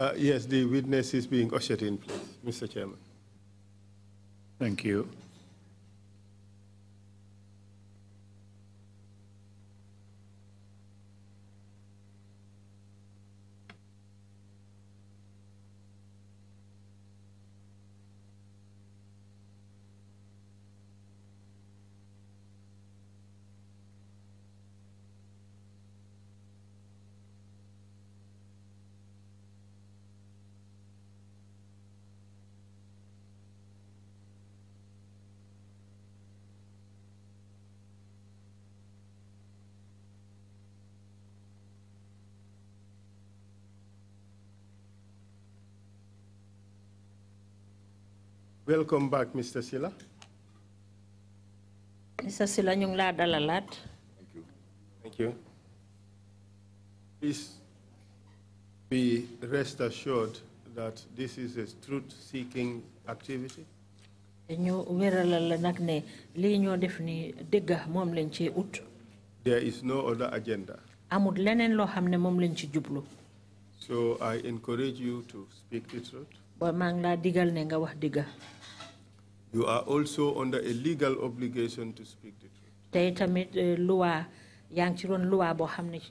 Uh, yes, the witness is being ushered in, please, Mr. Chairman. Thank you. Welcome back, Mr. Sila. Mr. Sila, nyong la dalalaat. Thank you. Thank you. Please be rest assured that this is a truth-seeking activity. ñu wera la nag ne li ñoo def ni dëgg moom ci ut. There is no other agenda. amul lenen lo hamne ne moom ci jublu. So I encourage you to speak the truth. ba maa ngi laa digal ne nga wax dëgg you are also under a legal obligation to speak the truth. tey tamit eh, loi yaa ngi ci doon loi boo xam ne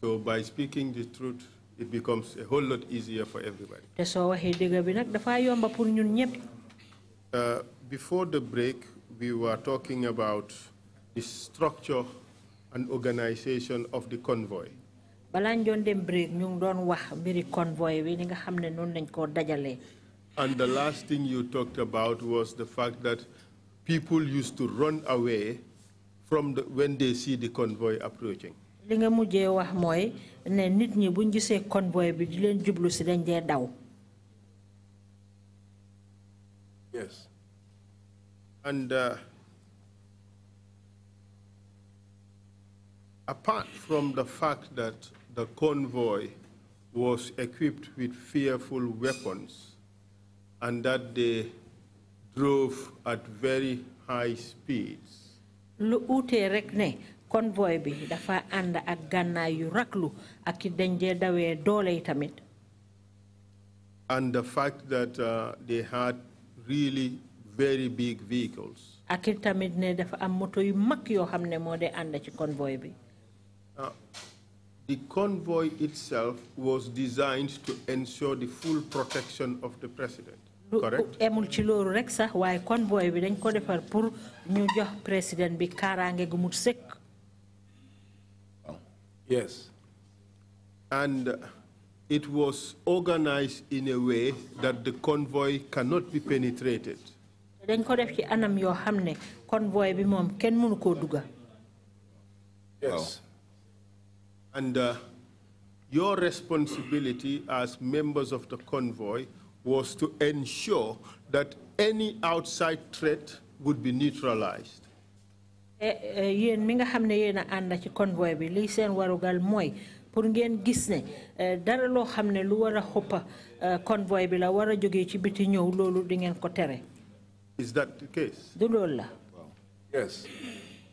so by speaking the truth it becomes a whole lot easier for everybody. te soo waxee dëgg bi nag uh, before the break we were talking about the structure and organization of the convoy. balaa ñu dem break ñu ngi doon wax mbiri convoy bi ni nga xam ne noonu lañ koo dajalee. And the last thing you talked about was the fact that people used to run away from the, when they see the convoy approaching. li nga mujjee wax mooy ne nit ñi buñ gisee convoy bi di leen jublu si dañ dee daw. yes and uh, apart from the fact that the convoy was equipped with fearful weapons and that they drove at very high speeds. lu uutee rek ne convoy bi dafa ànd ak gànnaay yu raklu ak it dañ dee tamit. and the fact that uh, they had really very big vehicles. ak it tamit ne dafa am moto yu mag yoo xam ne ànd ci convoy bi. Uh, the convoy itself was designed to ensure the full protection of the president emul ci loolu rek sax waaye convoy bi dañ ko defar pour ñu jox président bi kaaraange gu sëkk. yes and uh, it was organized in a way that the convoy cannot be penetrated. dañ ko def ci anam yoo xam ne convoy bi moom kenn mënu koo yes and uh, your responsibility as members of the convoy was to ensure that any outside threat would be neutralized. Eh, eh, yéen mi nga xam ne yéen a ànd ci convoy bi seen warugal mooy pour ngeen gis ne eh, dara loo xam ne lu war a xuppa convoy bi la war a jógee ci biti ñëw loolu di ngeen ko tere. Is that the case? du loolu la. Yes.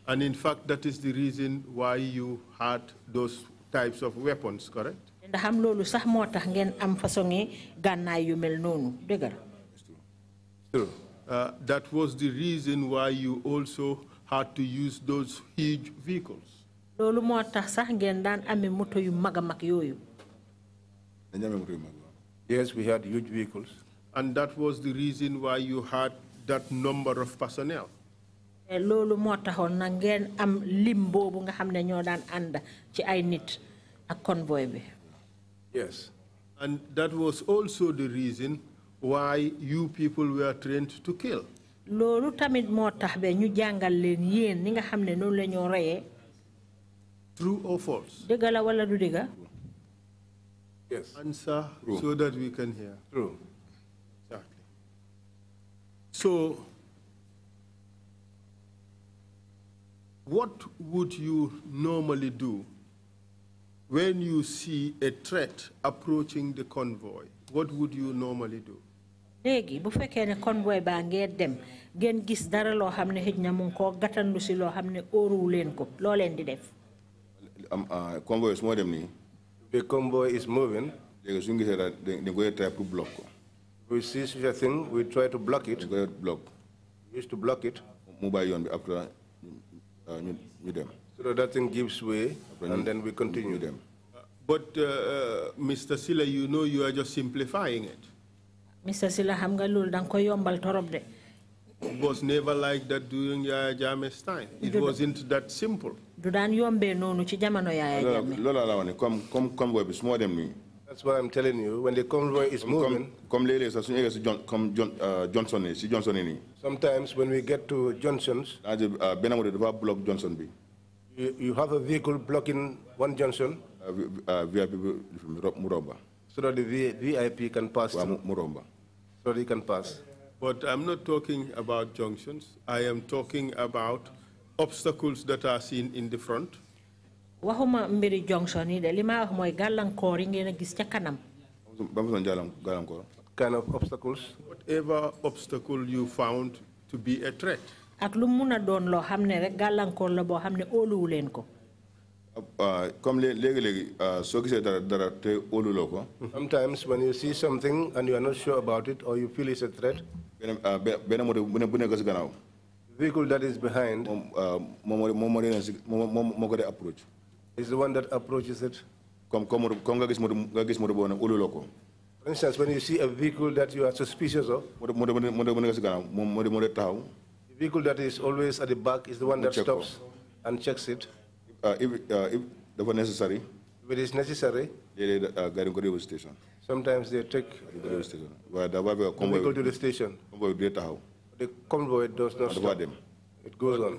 And in fact, that is the reason why you had those types of weapons, correct? ndaxam loolu sax moo tax ngeen am façon yi gànnaay yu mel noonu uh, that was the reason why you also had to use those huge vehicles. loolu moo tax sax ngeen daan moto yu mag a mag yooyu. Yes, we had huge vehicles. And that was the reason why you had that number of personnel. Eh, loolu moo taxoon na ngeen am lim boobu nga xam ne ñoo daan ànd ci ay nit ak convoy bi. Yes. And that was also the reason why you people were trained to kill. loolu tamit be ñu jàngal leen yéen ni nga true or false. wala du yes answer true. so that we can hear. true exactly. so what would you normally do when you see a threat approaching the convoy, what would you normally do? Legi, bu fekkee ne convoy baa ngee dem ngeen gis dara loo xam ne xëj na mu ngi koo gàttandu si loo xam ne ko loo leen di def. Ah, convoy is moo dem nii. the convoy is moving. léegi su ñu gisee daal dañ koy try pour block ko. we see such a thing we try to block it. dañ block. we used to block it. mu bàyyi yoon bi après ñu ah, ñu dem. So that thing gives way, and then we continue them. But, uh, uh, Mr. Silla, you know you are just simplifying it. Mr. Silla, xam nga loolu danga ko yombal torop It was never like that during Yaya Jame's time. It wasn't that simple. du daan yombee noonu ci jamono Yaya Jammeh. loolu la wane comme comme convoy bi su moo dem That's what I'm telling you. When the convoy is moving. Come léeg-léeg sax suñu eggee si John comme uh, Johnson si Johnson Sometimes when we get to Johnson's. benn moto dafa block Johnson bi. You, you have a vehicle blocking one junction? VIP uh, uh Muromba. So that the VIP can pass Muromba. So they can pass. But I'm not talking about junctions. I am talking about obstacles that are seen in the front. waxuma mbiri junction yi de kanam. kind of obstacles. whatever obstacle you found to be a threat ak lu doon rek la ko ah, comme ah, dara dara te sometimes when you see something and you are not sure about it or you feel it's a threat ah, bu nekk vehicle that is behind moom moom moom moo ko dee approach is the one that approaches it comme comme nga gis nga gis for instance when you see a vehicle that you are suspicious of moto moto bu nekk vehicle that is always at the back is the one we that stops off. and checks it. Uh, if, uh, if that were necessary. If it is necessary. They uh, go to the station. Sometimes they take uh, the station. Well, the vehicle to the station. The convoy does not stop. Them. It goes on.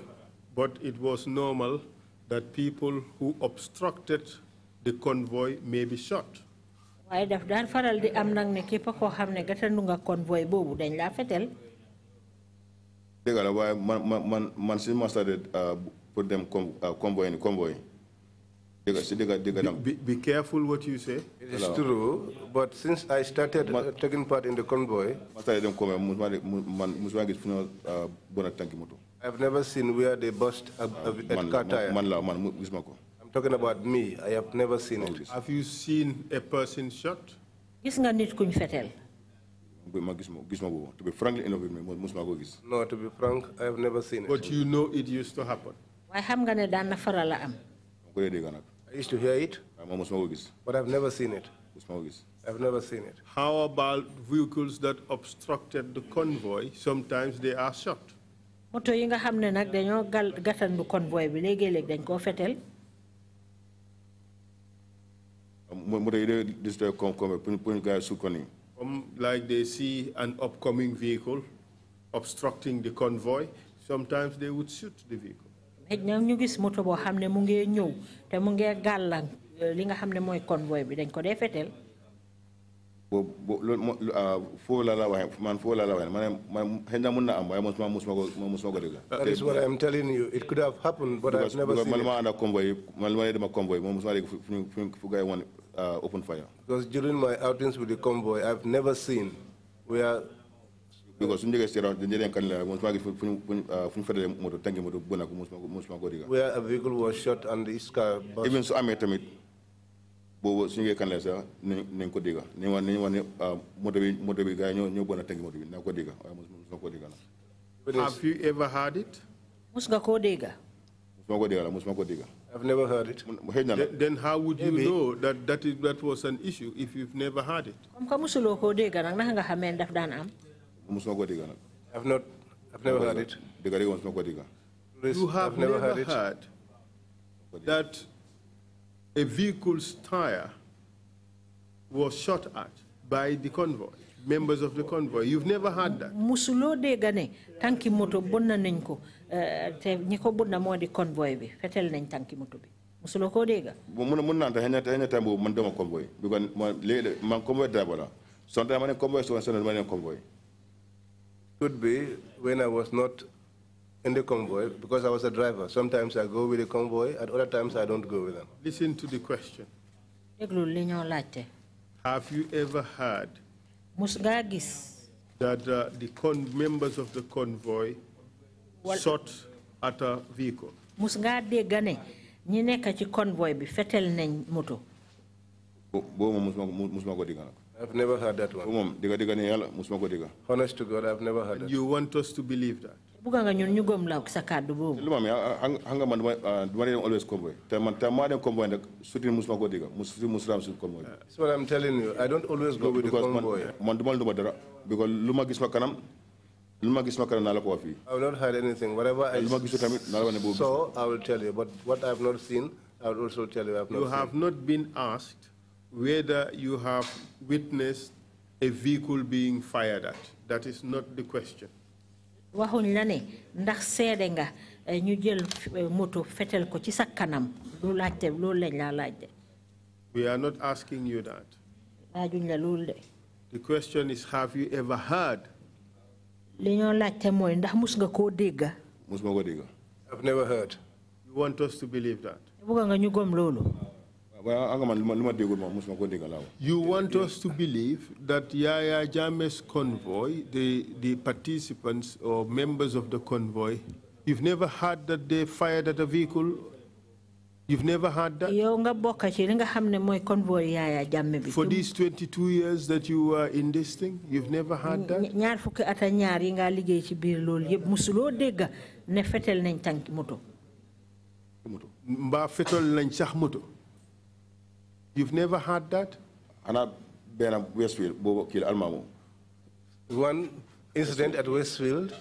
But it was normal that people who obstructed the convoy may be shot. Why daf daan faral di am nag ne képp koo xam ne gàttandu nga convoy boobu dañ laa fetel dëgg la waaye man man man man si ma started uh, pour dem uh, convoy ni convoy dëgg si dëgg dëgg dam be, be careful what you say it is true but since i started uh, taking part in the convoy ma started dem convoy musuma man musuma uh, i've never seen where they bust a, a, at Kataya. man la man gisuma ko i'm talking about me i have never seen it have you seen a person shot gis nga nit kuñ fetel to be no to be frank I have never seen it. but you know it used to happen. I used to hear it. but I have never seen it. I've never seen it. How about vehicles that obstructed the convoy? Sometimes they are shot. moto yi nga xam ne nag dañoo gal gàttandu convoy bi léegi-léeg dañ koo fetel. moto yi destroy convoy pour pour gars yi yi. Some, like they see an upcoming vehicle obstructing the convoy, sometimes they would shoot the vehicle. xëj na ñu gis moto boo xam ne mu ngee ñëw te mu ngee gàllank euh, li nga xam ne mooy convoy bi dañ ko dee feteel boobu loolu ah, foo la la waxee man foo la la waxee man man xëy na mun na am waaye mosuma mosuma ko mosuma ko dégg. that is what I am telling you it could have happened but I have never seen it. man maa ànd convoy man li ma leen convoy moom mosuma dégg fu fu fu fu uh, open fire? Because during my outings with the convoy, I've never seen where. Because where a vehicle was shot and its car burst. Even so, I met him. boobu su ñu a tënk moto bi naa Have you ever heard it? mos nga koo dégg. mosuma ko dégg la mosuma I've never heard it. then how would you Maybe. know that that, is, that was an issue if you've never heard it? I've not, I've never heard it. You have never, heard, heard that a vehicle's tire was shot at by the convoy, members of the convoy. You've never heard that. Eh, te ñi ko bunna moo di convoy bi fetel nañ tànki moto bi musuloo koo dégg mun mun naan te xëy na xëy na time boobu man dama convoy bi kon man léegi man convoy driver la son time ne convoy son son ma ne convoy could be when I was not in the convoy because I was a driver. Sometimes I go with the convoy, at other times I don't go with them. Listen to the question. Have you ever heard that uh, the members of the convoy shot at a vehicle. mus ngaa dégg ñi nekk ci convoy bi fetel nañ moto. boobu moom musuma ko ko dégg I've never heard that one. moom dégg dégg ne yàlla musuma ko dégg. honest to God I've never heard that. you want us to believe that. bugga nga ñun ñu gëm la sa kàddu boobu. lu ma amee man du ah, dem always convoy te man te maa dem convoy nag surtout musuma ko dégg surtout musulaam suñu convoy. that's what I'm telling you I don't always go with the convoy. man du ma dara because lu gis ma kanam. I have not heard anything whatever I. so I will tell you but what I have not seen I will also tell you I have not. you have not been asked whether you have witnessed a vehicle being fired at that is not the question. Eh, eh, we are not asking you that. the question is have you ever heard i I've never heard. You want us to believe that. You want us to believe that Yaya Jame's convoy, the, the participants or members of the convoy, you've never heard that they fired at a vehicle You've never had that? For these 22 years that you were in this thing, you've never had that? You've never had that? One incident at Westfield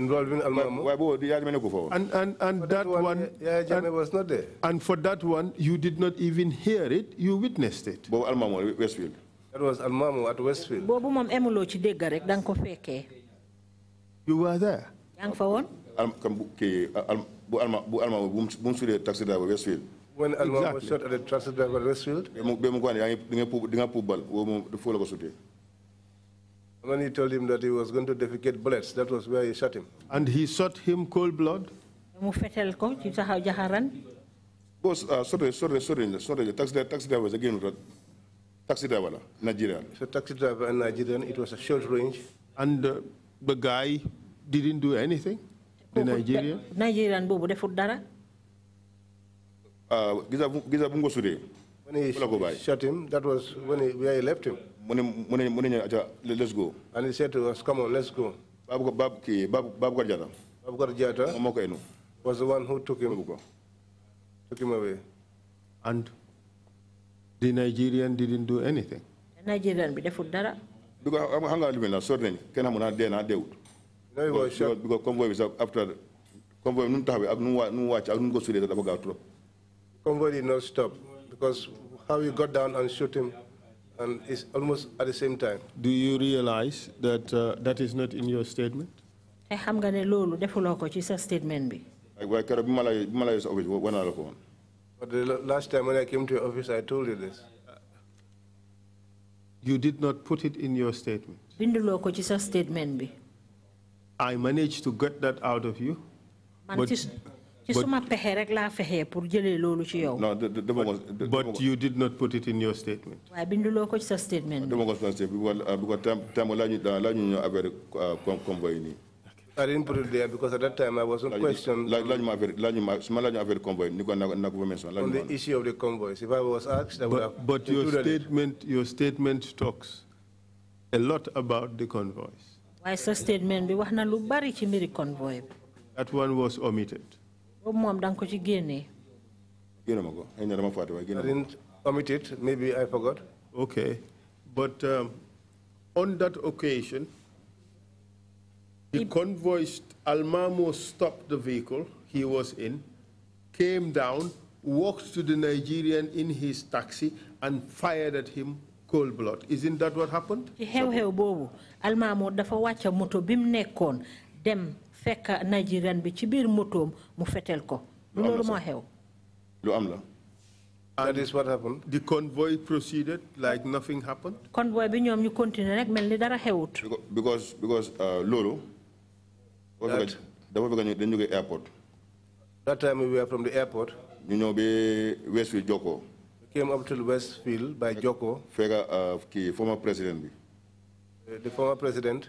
involving And, and, and that, that, one, yeah, and, was not there. And for that one, you did not even hear it, you witnessed it. But Westfield. That was Almamo at Westfield. mom emulo ci deg rek dang ko fekke. You were there. Yang fa won? Al kam ke bu bu bu mu taxi driver Westfield. When exactly. was shot at the taxi driver Westfield? Be mu be mu ko ni nga wo la ko when he told him that he was going to defecate bullets, that was where he shot him. And he shot him cold blood? Both, oh, uh, ah, sorry, sorry, sorry, sorry, the taxi, taxi driver was again, taxi driver, Nigerian. So taxi driver and Nigerian, it was a short range. And uh, the guy didn't do anything? The Nigerian? Nigerian, Bobo, the food dara? Ah, Giza Bungo Sude. When he shot him, that was when he, where he left him. Let's go. And he said to us, come on, let's go. Babu Babu Jata. Babu Jata was the one who took him, took him away. And the Nigerian didn't do anything. The Nigerian be defut dara. Because I'm hanging out with him, sorry, can and not No, he was shot. Because convoy is after convoy, no time, I don't watch, I don't go to the Convoy did not stop because how you got down and shoot him and it's almost at the same time. Do you realize that uh, that is not in your statement? I am going to defuloo ko ci sa statement bi. waaye keroog bi ma la bi ma la office wane la ko But the last time when I came to your office, I told you this. You did not put it in your statement. Binduloo ko ci sa statement I managed to get that out of you. but but you did not put it in your statement. statement. I didn't put it there because at that time I wasn't questioned. On the issue of the convoys. If I was asked, I would but, have. But your statement, your statement talks a lot about the convoys. Why, statement, convoy. That one was omitted boobu moom danga ko ci génnee. génne ma ko dama fàtte waaye génne I didn't commit it maybe I forgot. okay but um, on that occasion. The convoy, Almamo stopped the vehicle he was in, came down, walked to the Nigerian in his taxi, and fired at him cold blood. Isn't that what happened? Ci xew-xew boobu Almamo dafa wàcc moto bi mu dem fekk Nigerian bi ci biir motoom mu fetel ko. loolu moo xew. lu am la. that is what happened. the convoy proceeded like nothing happened. convoy bi ñoom ñu continuer rek mel ni dara xewut. because because uh, loolu. that dafa dañu airport. that time we were from the airport. ñu ñëw ba Westfield Jokko. came up to Westfield by Jokko. fekk uh, kii former president bi. the former president.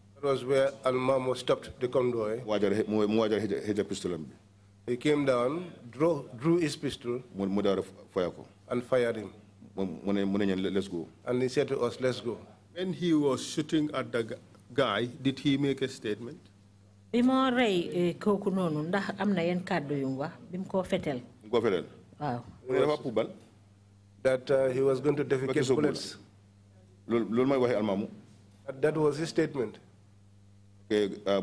was where Al Almamo stopped the convoy. He came down, drew, drew his pistol, and fired him. Let's go. And he said to us, let's go. When he was shooting at the guy, did he make a statement? bi moo eh, fetel. fetel. that uh, he was going to defecate bullets. that was his statement. Uh,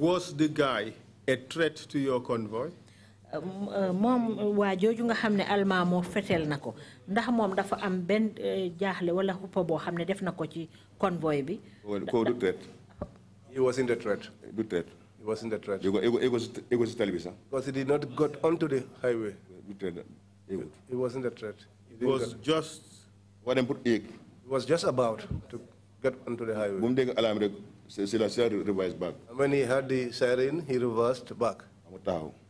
was the guy a threat to your convoy? Uh, moom uh, waa jooju nga xam ne almaa moo feteel ndax moom dafa am benn jaaxle wala xuppa boo xam def na ci convoy bi. ko du threat. he wasn't a threat. du threat. he wasn't a threat. ego si tali bi sax. because he did not got onto the highway. du threat he wasn't a threat. it was just. waa dem pour éeg. was just about to get onto the highway. bu mu dégg rek revised back. When he heard the siren, he reversed back.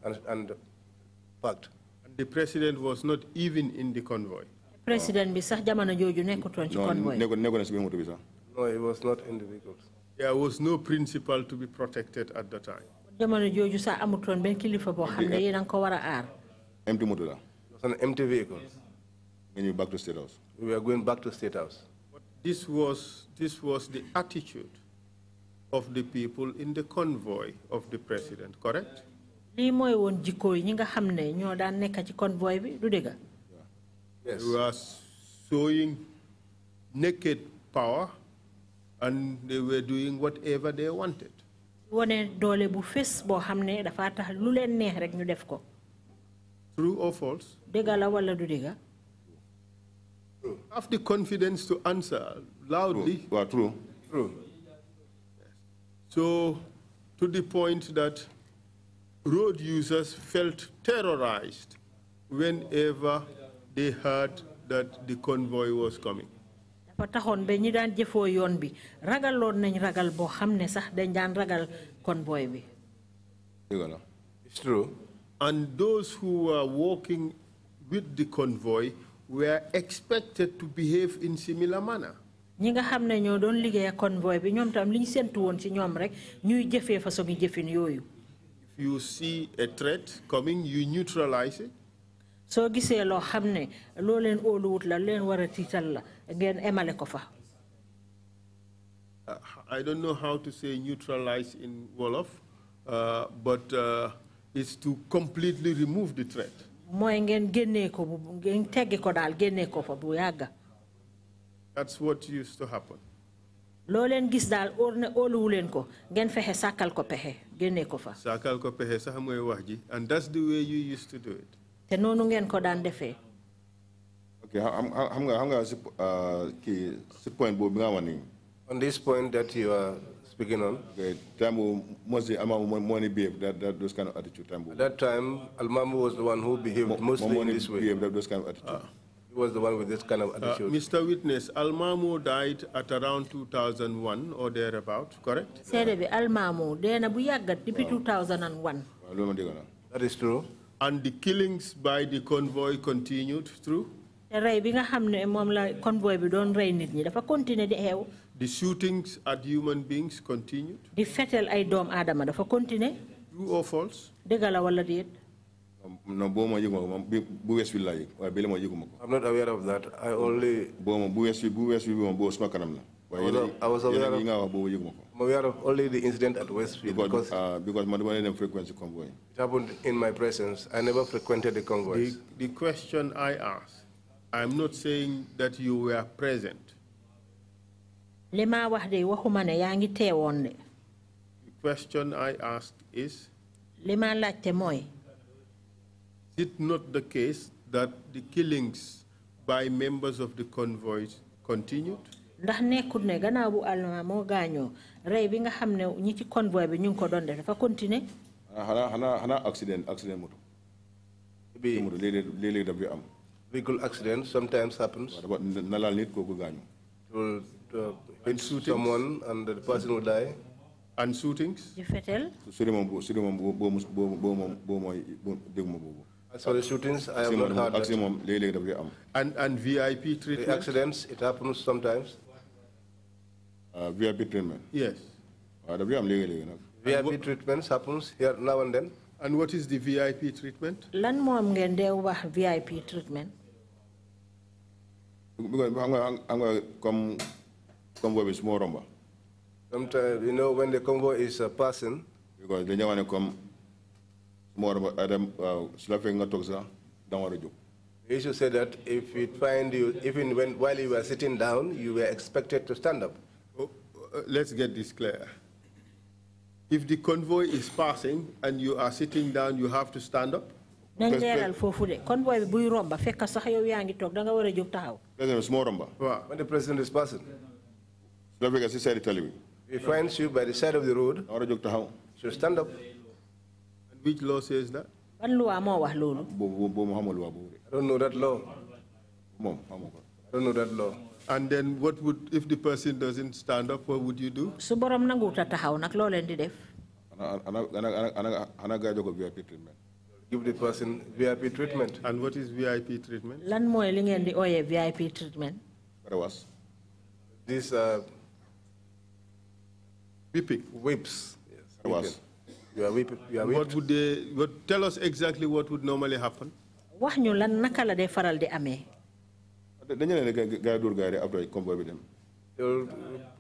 And, and parked. And the president was not even in the convoy. President bi sax jamono joju nekkutoon ci convoy. No, nekkoon No, he was not in the vehicle. There was no principal to be protected at the time. Jamono a Empty It was an empty vehicle. When you back to State House. We were going back to State House. But this was this was the attitude of the people in the convoy of the president, correct? lii mooy woon ne yes you are showing naked power and they were doing whatever they wanted. wone bu lu true or false. dëgg la wala have the confidence to answer loudly. true true. So, to the point that road users felt terrorized whenever they heard that the convoy was coming. taxoon ba ñi daan jëfoo yoon bi ragaloon nañ ragal boo xam ne sax dañ daan ragal convoy bi. It's true. And those who were walking with the convoy were expected to behave in similar manner ñi nga xam ne ñoo doon liggéey convoy bi ñoom tam li ñu séntu woon ci ñoom rek ñuy jëfee façon jëfin yooyu. if you see a threat coming you neutralize it. soo gisee loo xam ne loo leen óoluwut la leen war a tiital la ngeen emale ko fa. Uh, I don't know how to say neutralize in Wolof uh, but uh, it's to completely remove the threat. mooy ngeen génnee ko bu ngeen ko daal génnee ko fa bu yàgga that's what used to happen. loo leen gis dal orne ne óoluwu leen ko ngeen fexe sàkkal ko pexe génnee ko fa. sàkkal ko pexe sax mooy wax ji and that's the way you used to do it. te noonu ngeen ko daan defee. ok xam nga xam nga si ah, kii si point bo bi nga xam on this point that you are speaking on. ok time boobu mostly Almami moo ni that that those kind of attitude time At that time Almami was the one who behaved mostly in this way. moo ni that those kind of attitude. Ah was the one with this kind of uh, attitude. Mr. Witness, Mamu died at around 2001 or thereabout, correct? Serebe depuis 2001. That is true. And the killings by the convoy continued through? ñi the shootings at human beings continued. The fatal ay doom aadama continue. true or false i'm not aware of that i only I was aware of, i only the incident at Westfield because, because, uh, because Madhubanenem frequency convoy. It happened in my presence. I never frequented the convoys. The, the question I asked, I'm not saying that you were present. The question I asked is it not the case that the killings by members of the convoys continued? ndax nekkut ne gannaaw bu Allemand moo gaañoo rey bi nga xam ne ñi ci convoy bi ñu ngi ko doon def dafa continuer. xanaa xanaa xanaa accident accident moto. bi moto léeg-léeg léeg-léeg daf am. vehicle accident sometimes happens. waaw dafa na laal nit kooku gaañu. will uh, hit someone and the person will die. And shootings? You fatal? So the shootings, I have not heard maximum léeg-léeg daf and and VIP treatment. accidents, it happens sometimes. Uh, VIP treatment. yes. waaw daf koy am VIP treatments happens here now and then. and what is the VIP treatment. lan moom ngeen dee wax VIP treatment. because xam nga xam nga comme convoy bi su ma romba. sometimes you know when the convoy is uh, passing. because they dañu ne comme. You should say that if we find you, even when while you were sitting down, you were expected to stand up. Oh, uh, let's get this clear. If the convoy is passing and you are sitting down, you have to stand up. convoy président su moo when the president is passing. su si he finds you by the side of the road. da war should stand up. Which law says that? Ban law, moo wax loolu. boobu boobu xamul loi boobu I don't know that law. Mom, xamu I don't know that law. And then what would, if the person doesn't stand up, what would you do? su borom na a taxaw nag loo leen di def. ana ana ana ana gaa jox treatment. Give the person VIP treatment. And what is VIP treatment? lan mooy li ngeen di VIP treatment. Karawas. These are. VIP Whips. Yes. What Karawas. You are weeping. You are What would they, what, tell us exactly what would normally happen? wax ñu lan naka la day faral di amee. dañu ne gaa yi dóor gaa yi after convoy bi dem. They'll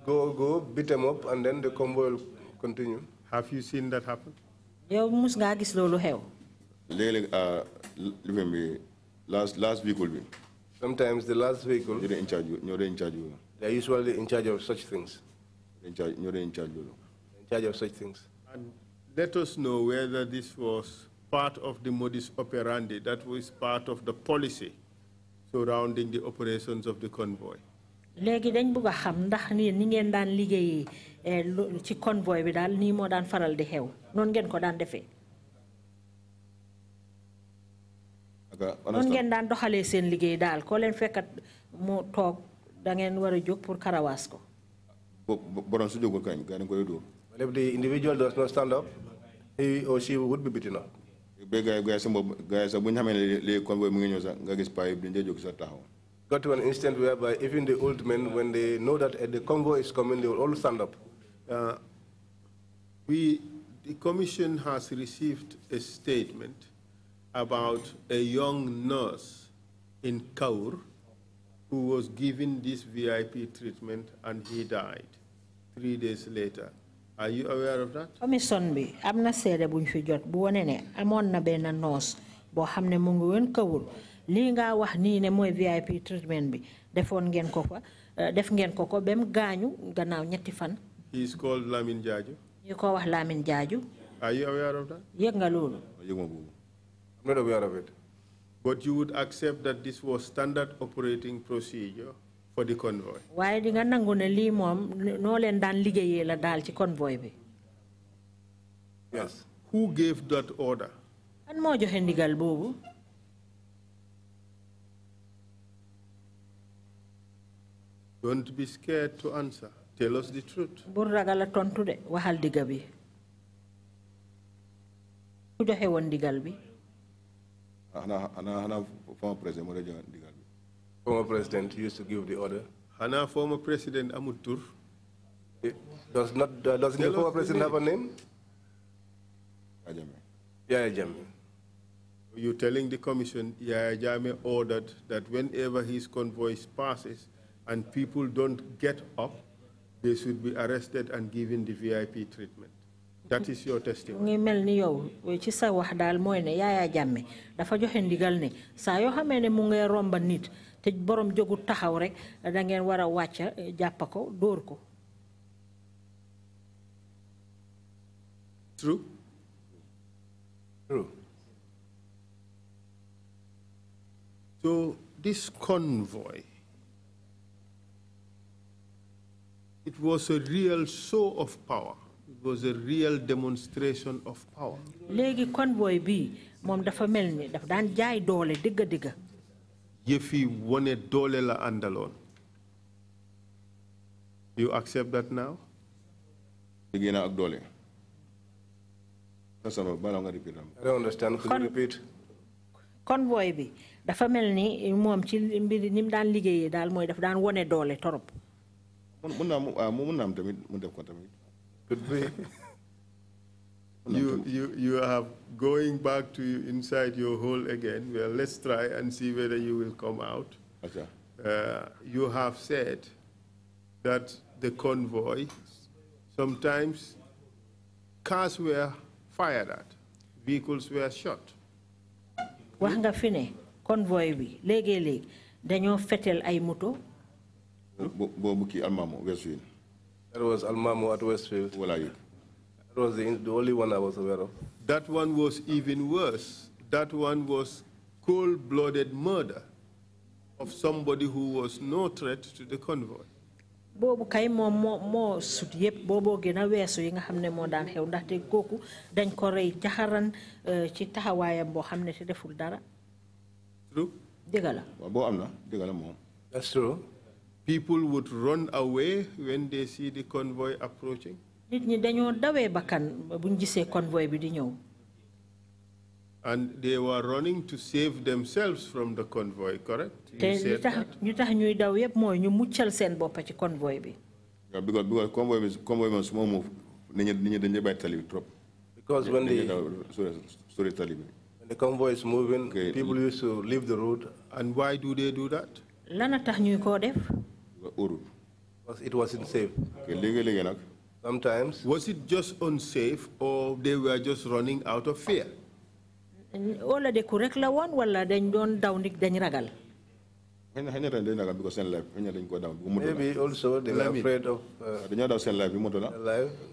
go go beat them up and then the convoy will continue. Have you seen that happen? yow mus ngaa gis loolu xew. léeg-léeg lu mel ni last last vehicle bi. Sometimes the last vehicle. ñoo dee in charge ñoo dee in charge loolu. They are usually in charge of such things. in charge ñoo dee in charge loolu. In charge of such things let us know whether this was part of the modus operandi, that was part of the policy surrounding the operations of the convoy. Legi dañ bëgg a xam ndax ni ni ngeen daan liggéeyee eh, ci convoy bi daal nii moo daan faral di xew noonu ngeen ko daan defee. noonu ngeen daan doxalee seen liggéey daal koo leen fekkat mu toog da ngeen war jóg pour karawaas ko. borom su jógul kañ gën a koy dóor. If the individual does not stand up, he or she would be beaten up. Got to an instant whereby even the old men, when they know that eh, the Congo is coming, they will all stand up. Uh, we, the commission has received a statement about a young nurse in Kaur who was given this VIP treatment and he died three days later. Are you aware of that? commission bi am na seede buñ fi jot bu wone ne amoon na benn noos boo xam ne mu ngi woon kawul lii nga wax nii ne mooy VIP treatment bi defoon ngeen ko fa eh, def ngeen ko ko ba mu gaañu gannaaw ñetti fan. he is called Lamine Jaaju. ñu ko wax Lamine Jaaju. are you aware of that? yëg nga loolu. Oh, yëg ma boobu. I'm not aware of it. but you would accept that this was standard operating procedure for the convoy. waaye di nga nangu ne lii moom noo leen daan la daal ci convoy bi. yes who gave that order. kan moo joxe ndigal boobu. Don't be scared to answer. Tell us the truth. bul ragal a tontu de waxal digga bi. ku joxe woon ndigal bi. Ana xanaa xanaa former président moo joxe ndigal former president used to give the order. Hana former president Amutur. Does not uh, does the former president have a name? Ajame. Yeah, Ajame. you telling the commission Yaya Jame ordered that whenever his convoy passes and people don't get up, they should be arrested and given the VIP treatment. That is your testimony. ngi mel ni yow ci sa wax daal mooy ne Yaya Jammeh dafa joxe ndigal ne saa yoo xamee mu ngi romba nit te borom taxaw rek da ngeen war a wàcca ko dóor ko true true so this convoy it was a real show of power it was a real demonstration of power léegi convoy bi moom dafa mel ni daf daan jaay doole dëgg-dëgg yëf yi wone doole la àndaloon you accept that now liggéey naa ak doole sama bala nga repeat am I don't understand could you repeat convoy bi dafa mel ni moom ci mbir ni mu daan liggéeyee daal mooy daf daan wone doole torop mun naa ah, mu mun naa am tamit mu def ko tamit you, you, you are going back to inside your hole again. Well, let's try and see whether you will come out. Okay. Uh, you have said that the convoy sometimes cars were fired at, vehicles were shot. wax nga fi ne convoy bi léegi léegi dañoo fetel ay moto. boobu kii Almamo Westfield. that was Almamo at Westfield. are you? was the, the only one I was aware of. That one was even worse. That one was cold-blooded murder of somebody who was no threat to the convoy. dañ ko rey ci deful dara. true. that's true. people would run away when they see the convoy approaching nit ñi dañoo dawee bakkan buñ gisee convoy bi di ñëw. and they were running to save themselves from the convoy correct. te ñu tax ñu tax ñuy daw yëpp mooy ñu muccal seen bopp ci convoy bi. because because convoy is convoy bi small move nit ñi nit ñi bàyyi tali bi trop. because when the sorry tali bi. when the convoy is moving. people used to leave the road. and why do they do that. lana tax ñuy koo def. because it wasn't safe. léegi léegi nag. Sometimes. Was it just unsafe or they were just running out of fear? wala de ku rek la woon wala dañ doon daw ndik dañ ragal. Maybe also they were afraid of uh, life.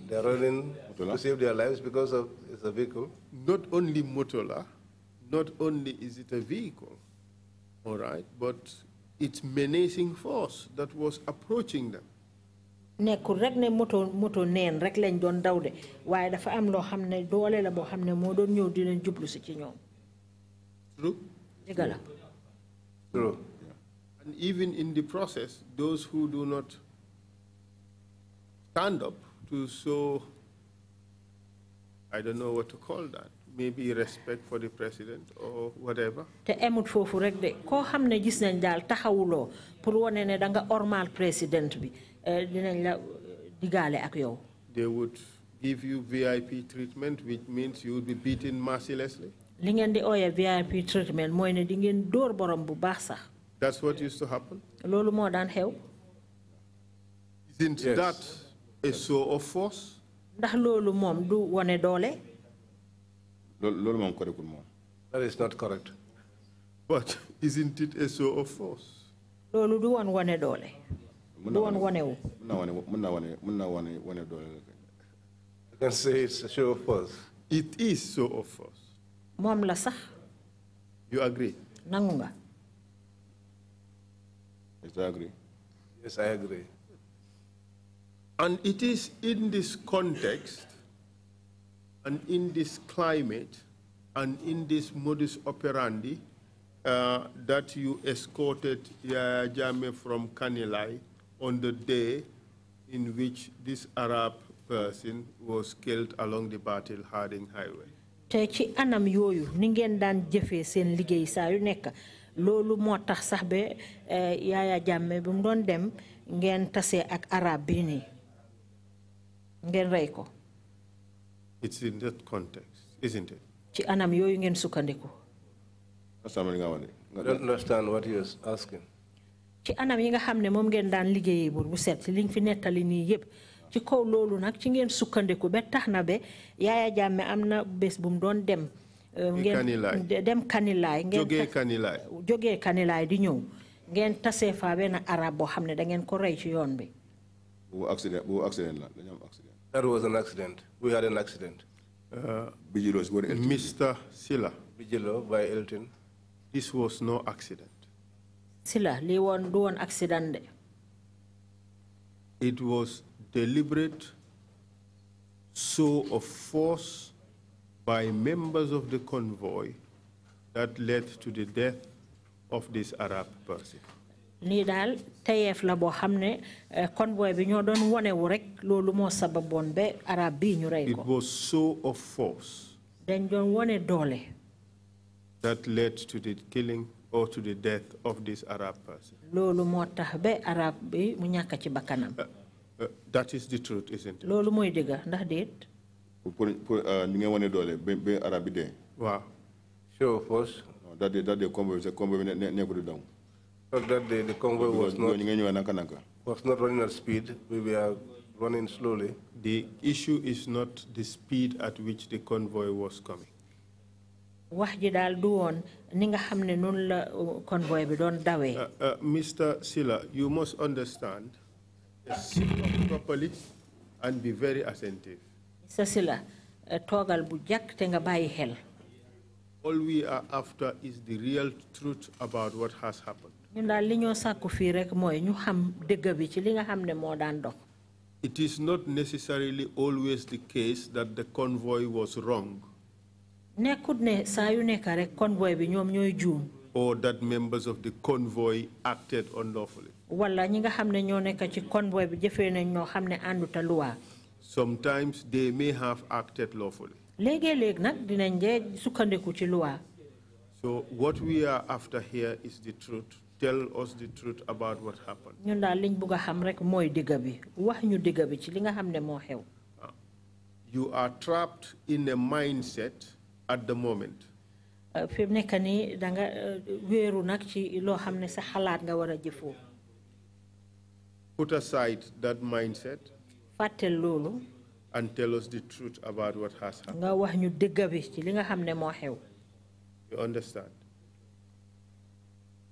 They're running to save their lives because of it's a vehicle. Not only Motola, not only is it a vehicle, all right, but it's menacing force that was approaching them rek ne moto moto neen rek lañ doon dafa am doole la doon ñëw jublu ci ñoom. true. and even in the process those who do not stand up to show I don't know what to call that maybe respect for the president or whatever. te emut foofu rek de koo xam gis nañ pour ne da nga ormal président bi. Eh, eh, they would give you VIP treatment which means you would be beaten mercilessly. li ngeen di VIP treatment mooy ne di ngeen that's what used to happen. loolu moo daan isn't that a show of force. ndax loolu moom du wane doole. loolu moom correctul moom. that is not correct. but isn't it a show of force. loolu du woon wane doole du woon wanewu mën naa wane mën naa wane mën naa wane I can say it's a show of force. It is so of force. moom la you agree. nangu nga. yes I agree. yes I agree. and it is in this context and in this climate and in this modus operandi uh, that you escorted Yaya Jammeh from Kanilai on the day in which this Arab person was killed along the Battle Harding Highway. te ci anam yooyu ni ngeen daan jëfee seen liggéey saa yu nekk loolu moo tax sax ba eh, Yaya Jammeh bi mu doon dem ngeen tase ak arab bii nii ngeen rey ko. it's in that context isn't it. ci anam yooyu ngeen sukkandiku. I don't understand what he is asking. ci anam yi nga xam ne moom ngeen daan liggéeyee bu set liñ fi nettali nii yëpp ci kaw loolu nag ci ngeen sukkandiku ba tax na ba Yaya Jammeh am na bés bu mu doon dem. Euh, ngeen dem Kanilaay ngeen jógee Kanilaay jógee Kanilaay di ñëw ngeen tasee faa na araab boo xam ne da ngeen ko rey ci yoon bi. bu accident bu accident la dañu am accident. that was an accident euh, by Elton. this was no accident. si la lii woon It was deliberate show of force by members of the convoy that led to the death of this Arab person. nii daal tayeef la boo xam eh, convoy bi ñoo doon wonewu rek loolu moo sababoon ba arab bii ñu rey ko. It was show of force. dañ doon wone doole. that led to the killing or to the death of this Arab person. Lolu mo tax be Arab bi bakanam. Uh, uh, that is the truth, isn't it? Lolu moy deug ndax deet. Pour pour ni nga wone doole be Arab bi dé. Wow. Sure, of course. that day, that day convoy, the convoy ne ne ko down. But that day the convoy was not Was not running at speed. We were running slowly. The issue is not the speed at which the convoy was coming wax ji daal du woon ni nga xam ne noonu la convoy bi doon dawee. Uh, uh, Mr. Silla you must understand. sit properly and be very attentive. Mr. Silla uh, toogal bu jàkk te nga bàyyi xel. all we are after is the real truth about what has happened. ñun daal li ñoo sàkku fii rek mooy ñu xam dëgg bi ci li nga xam ne moo daan dox. It is not necessarily always the case that the convoy was wrong ne saa yu nekk rek convoy bi ñoom ñooy juum. or that members of the convoy acted unlawfully. wala ñi nga xam ne ñoo ci convoy bi jëfee nañ ñoo xam ne ànduta sometimes they may have acted lawfully. leeg nag dinañ sukkandiku ci So what we are after here is the truth. Tell us the truth about what happened. ñun daal liñ bugg a xam rek mooy digga bi wax ñu digga bi ci li nga xam ne moo xew. You are trapped in a mindset at the moment uh, da nga uh, ci sa xalaat nga jëfoo put aside that mindset and tell us the truth about what has happened nga wax ñu dëgg bi ci li nga xew you understand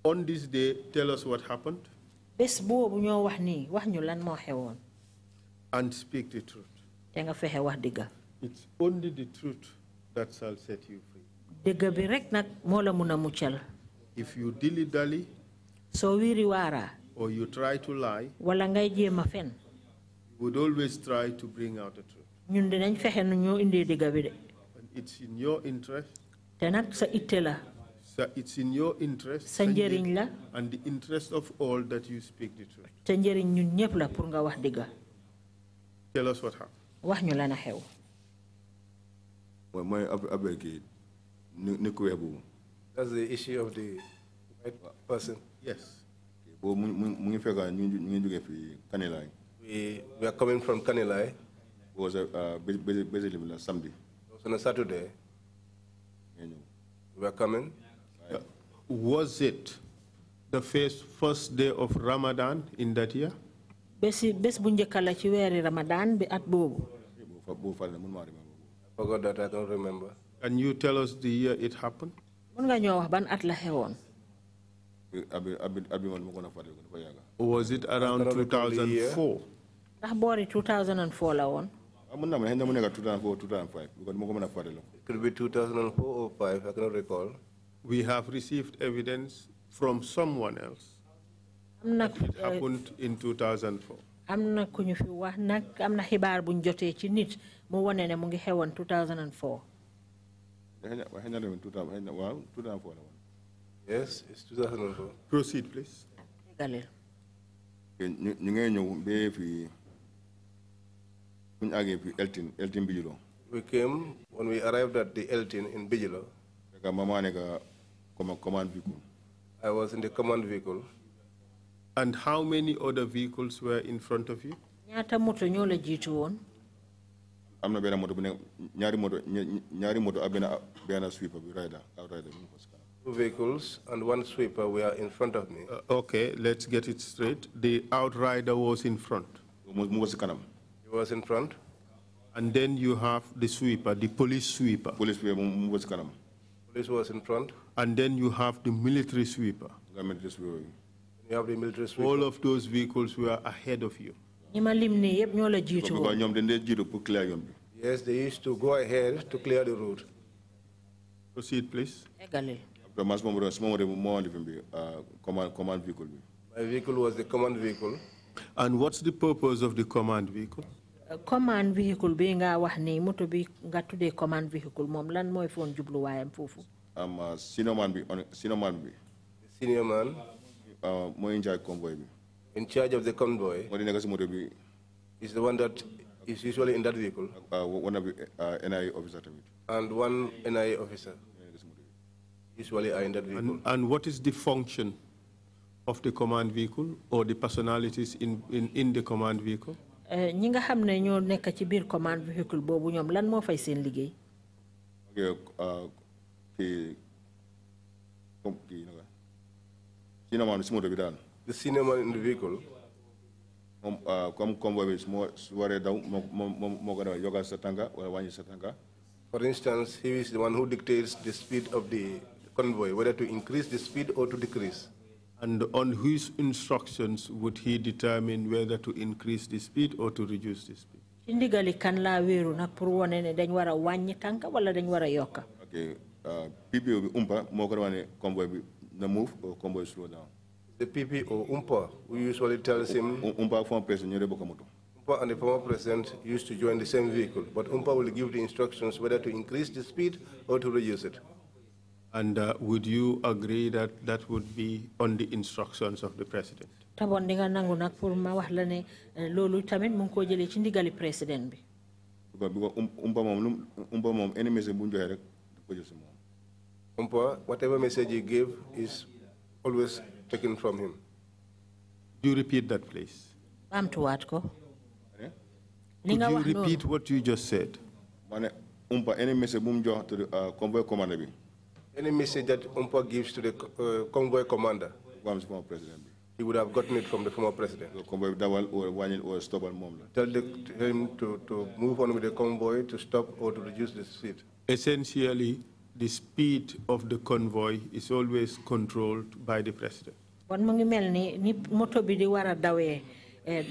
on this day tell us what happened bés ñoo wax wax ñu lan xewoon and speak the truth nga fexe wax it's only the truth that shall set you free. dëgg bi rek nag moo la mun muccal. if you dilly dally. so wiiri waara. or you try to lie. wala ngay jéem fen. we would always try to bring out the truth. ñun dinañ fexe nu ñoo indee dëgg bi de. it's in your interest. te nag sa itte la. So it's in your interest and the, and the interest of all that you speak the truth. Tell us what happened what affaire kii ni that's the issue of the white person. yes. we are coming from Kanilai. was a basically last Sunday. on a Saturday. We are coming. Uh, was it the first, first day of Ramadan in that year? bes bunje kala ci Ramadan bi at bobu forgot that. I don't remember. Can you tell us the year it happened? Mun nga ñoo wax Was it around 2004? I bought it 2004 I because not ko mën a fàttali. It could be 2004 or 2005. I cannot recall. We have received evidence from someone else. it happened in 2004. am am na xibaar mu wane ne mu ngi 2004. xëy na 2004 waaw 2004 yes it's 2004. proceed please. galil. ñu ngay ñëw ba fii bu ñu àggee fii Eltin Eltin Bijilo. we came when we arrived at the Eltin in Bijilo. fekk mama nekk command vehicle. I was in the command vehicle. And how many other vehicles were in front of you? ñaata moto ñoo la jiitu am na moto bu nekk ñaari moto ñaari moto ak benn sweeper bi rider outrider bi mu ko si Two vehicles and one sweeper were in front of me. Uh, okay, let's get it straight. The outrider was in front. Mu ko kanam. He was in front. And then you have the sweeper, the police sweeper. Police sweeper mu ko kanam. Police was in front. And then you have the military sweeper. The sweeper. You have the military sweeper. All of those vehicles were ahead of you ñi ma lim ne pour clear yoon bi. yes they used to go ahead to clear the road. proceed please. eggale. après man su ma su ma moo andi fi bi ah, command command vehicle bi. my vehicle was the command vehicle. and what's the purpose of the command vehicle. Uh, command vehicle bi nga wax ni moto bi nga tuddee command vehicle moom lan mooy foon jubluwaayam foofu. am senior bi senior bi. senior man. Ah, mooy njaay convoy bi in charge of the convoy is the one that is usually in that vehicle. Uh, uh one of the, uh, NIA officers. And one NIA officer usually are in that vehicle. And, and, what is the function of the command vehicle or the personalities in, in, in the command vehicle? Eh, ñi nga xam ne ñoo nekk ci biir command vehicle boobu ñoom lan moo fay seen liggéey. Uh, kii kii kii ci na maanaam si moto bi daal the cinema in the vehicle. For instance, he is the one who dictates the speed of the convoy, whether to increase the speed or to decrease. And on whose instructions would he determine whether to increase the speed or to reduce the speed? ci kan laa wéeru nag pour ne dañ war a wàññi wala dañ war a yokk. ok uh, PPO bi umpa moo ko wane convoy bi na move or convoy slow down the PPO, Umpa, we usually tells him. Umpa former president Umpa and the former president used to join the same vehicle, but Umpa will give the instructions whether to increase the speed or to reduce it. And uh, would you agree that that would be on the instructions of the president? Eh, président um, umpa whatever message you give is always taken from him. Do you repeat that, please? Eh? I'm Could you repeat what you just said? Any message to the uh, convoy commander? Any message that Umpa gives to the uh, convoy commander? Former president. He would have gotten it from the former president. Convoy or one or stop Tell him to, to move on with the convoy to stop or to reduce the speed. Essentially, the speed of the convoy is always controlled by the president kon mu ngi mel ni ni moto bi di war a dawee eh,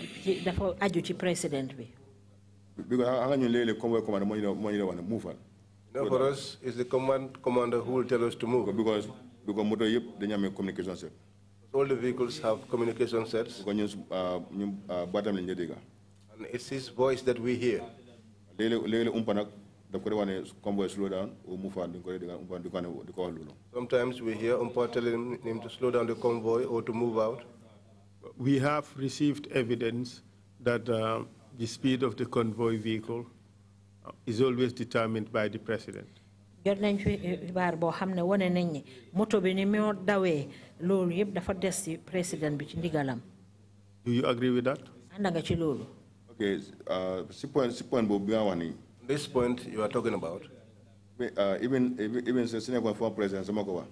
dafa aju ci président bi. because how can you lay command commander money money want to move on? No, for us, it's the command commander who will tell us to move. Because because motor yep, they have communication set. All the vehicles have communication sets. Because you bottom line And it's his voice that we hear. Lele lele umpanak Sometimes we hear Umpa telling him to slow down the convoy or to move out. We have received evidence that uh, the speed of the convoy vehicle uh, is always determined by the president. Eh, do you agree with that. ok uh, si point point this point you are talking about? Uh, even, even, even the former president, Mokowa.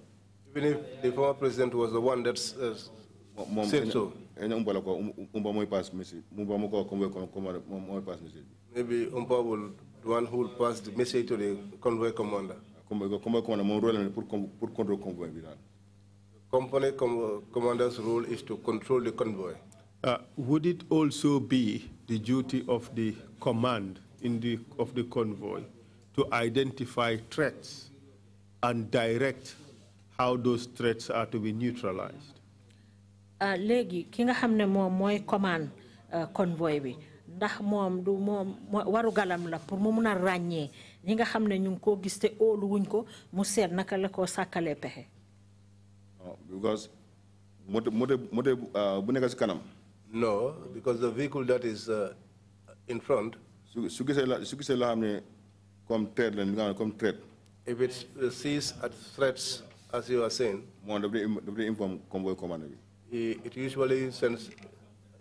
Even if the former president was the one that uh, said so? Um, um, Maybe Umpa will the one who will pass the message to the convoy commander. commander, convoy. Company commander's role is to control the convoy. Uh, would it also be the duty of the command in the, of the convoy to identify threats and direct how those threats are to be neutralized. Ah, Legi, kina hamne xam ne command mooy ah, commande convoy bi ndax moom du moom waru galam la pour mu mun a ràññee ñi nga xam ne ñu ngi ko mu seet oh, because moto moto moto ah, bu nekk si kanam. no because the vehicle that is in front su su gisee la su gisee loo xam ne comme traite la ñu nga xam ne comme traite. if it sees at threats as you are saying. moom daf dee daf dee inform convoy command bi. it usually sends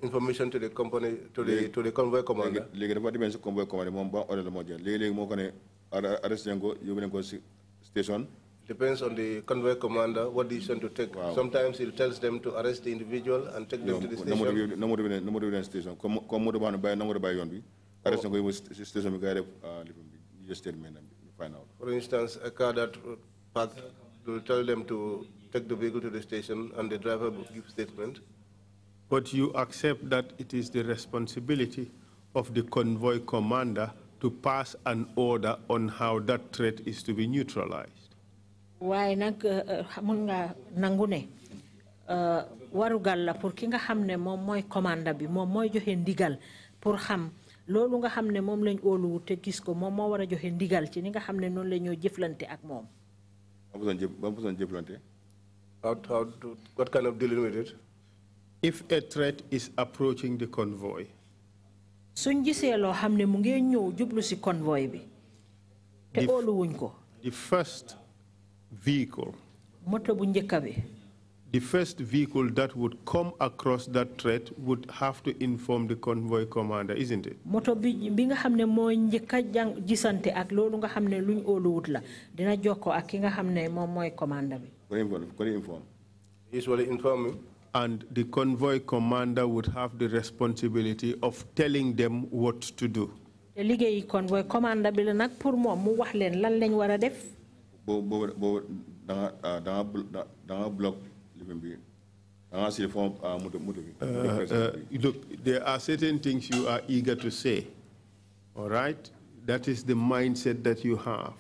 information to the company to the to the convoy commander. léegi dafa demee si convoy commander moom ban ordre la moo jël léegi léegi moo ko ne arrêté nañ ko yóbbu nañ ko si station. depends on the convoy commander what decision to take. Wow. Sometimes he tells them to arrest the individual and take them to the station. Arresting going station regarding uh, you just tell me and find out. For instance, a car that parked, will tell them to take the vehicle to the station and the driver will give statement. But you accept that it is the responsibility of the convoy commander to pass an order on how that threat is to be neutralized. Why nak uh, mun nga nangu ne uh, warugal la pour ki nga xam ne moom mooy commanda bi moom mooy joxe ndigal pour xam nga lañ te gis ko joxe ndigal ci ni nga jëflante ak How, what kind of dealing with it? If a threat is approaching the convoy. suñ mu ñëw jublu convoy bi. te ko. the first vehicle. moto bu the first vehicle that would come across that threat would have to inform the convoy commander isn't it moto bi bi nga xamne moy ñëk jang gisante ak lolu nga xamne luñ oluwut la dina jokko ak ki nga xamne mom moy commander bi ko inform is inform and the convoy commander would have the responsibility of telling them what to do te liggéey convoy commander bi la nak pour mom mu wax leen lan lañ wara def bo bo da da da block uh, uh, uh, look, there are certain things you are eager to say, all right? That is the mindset that you have.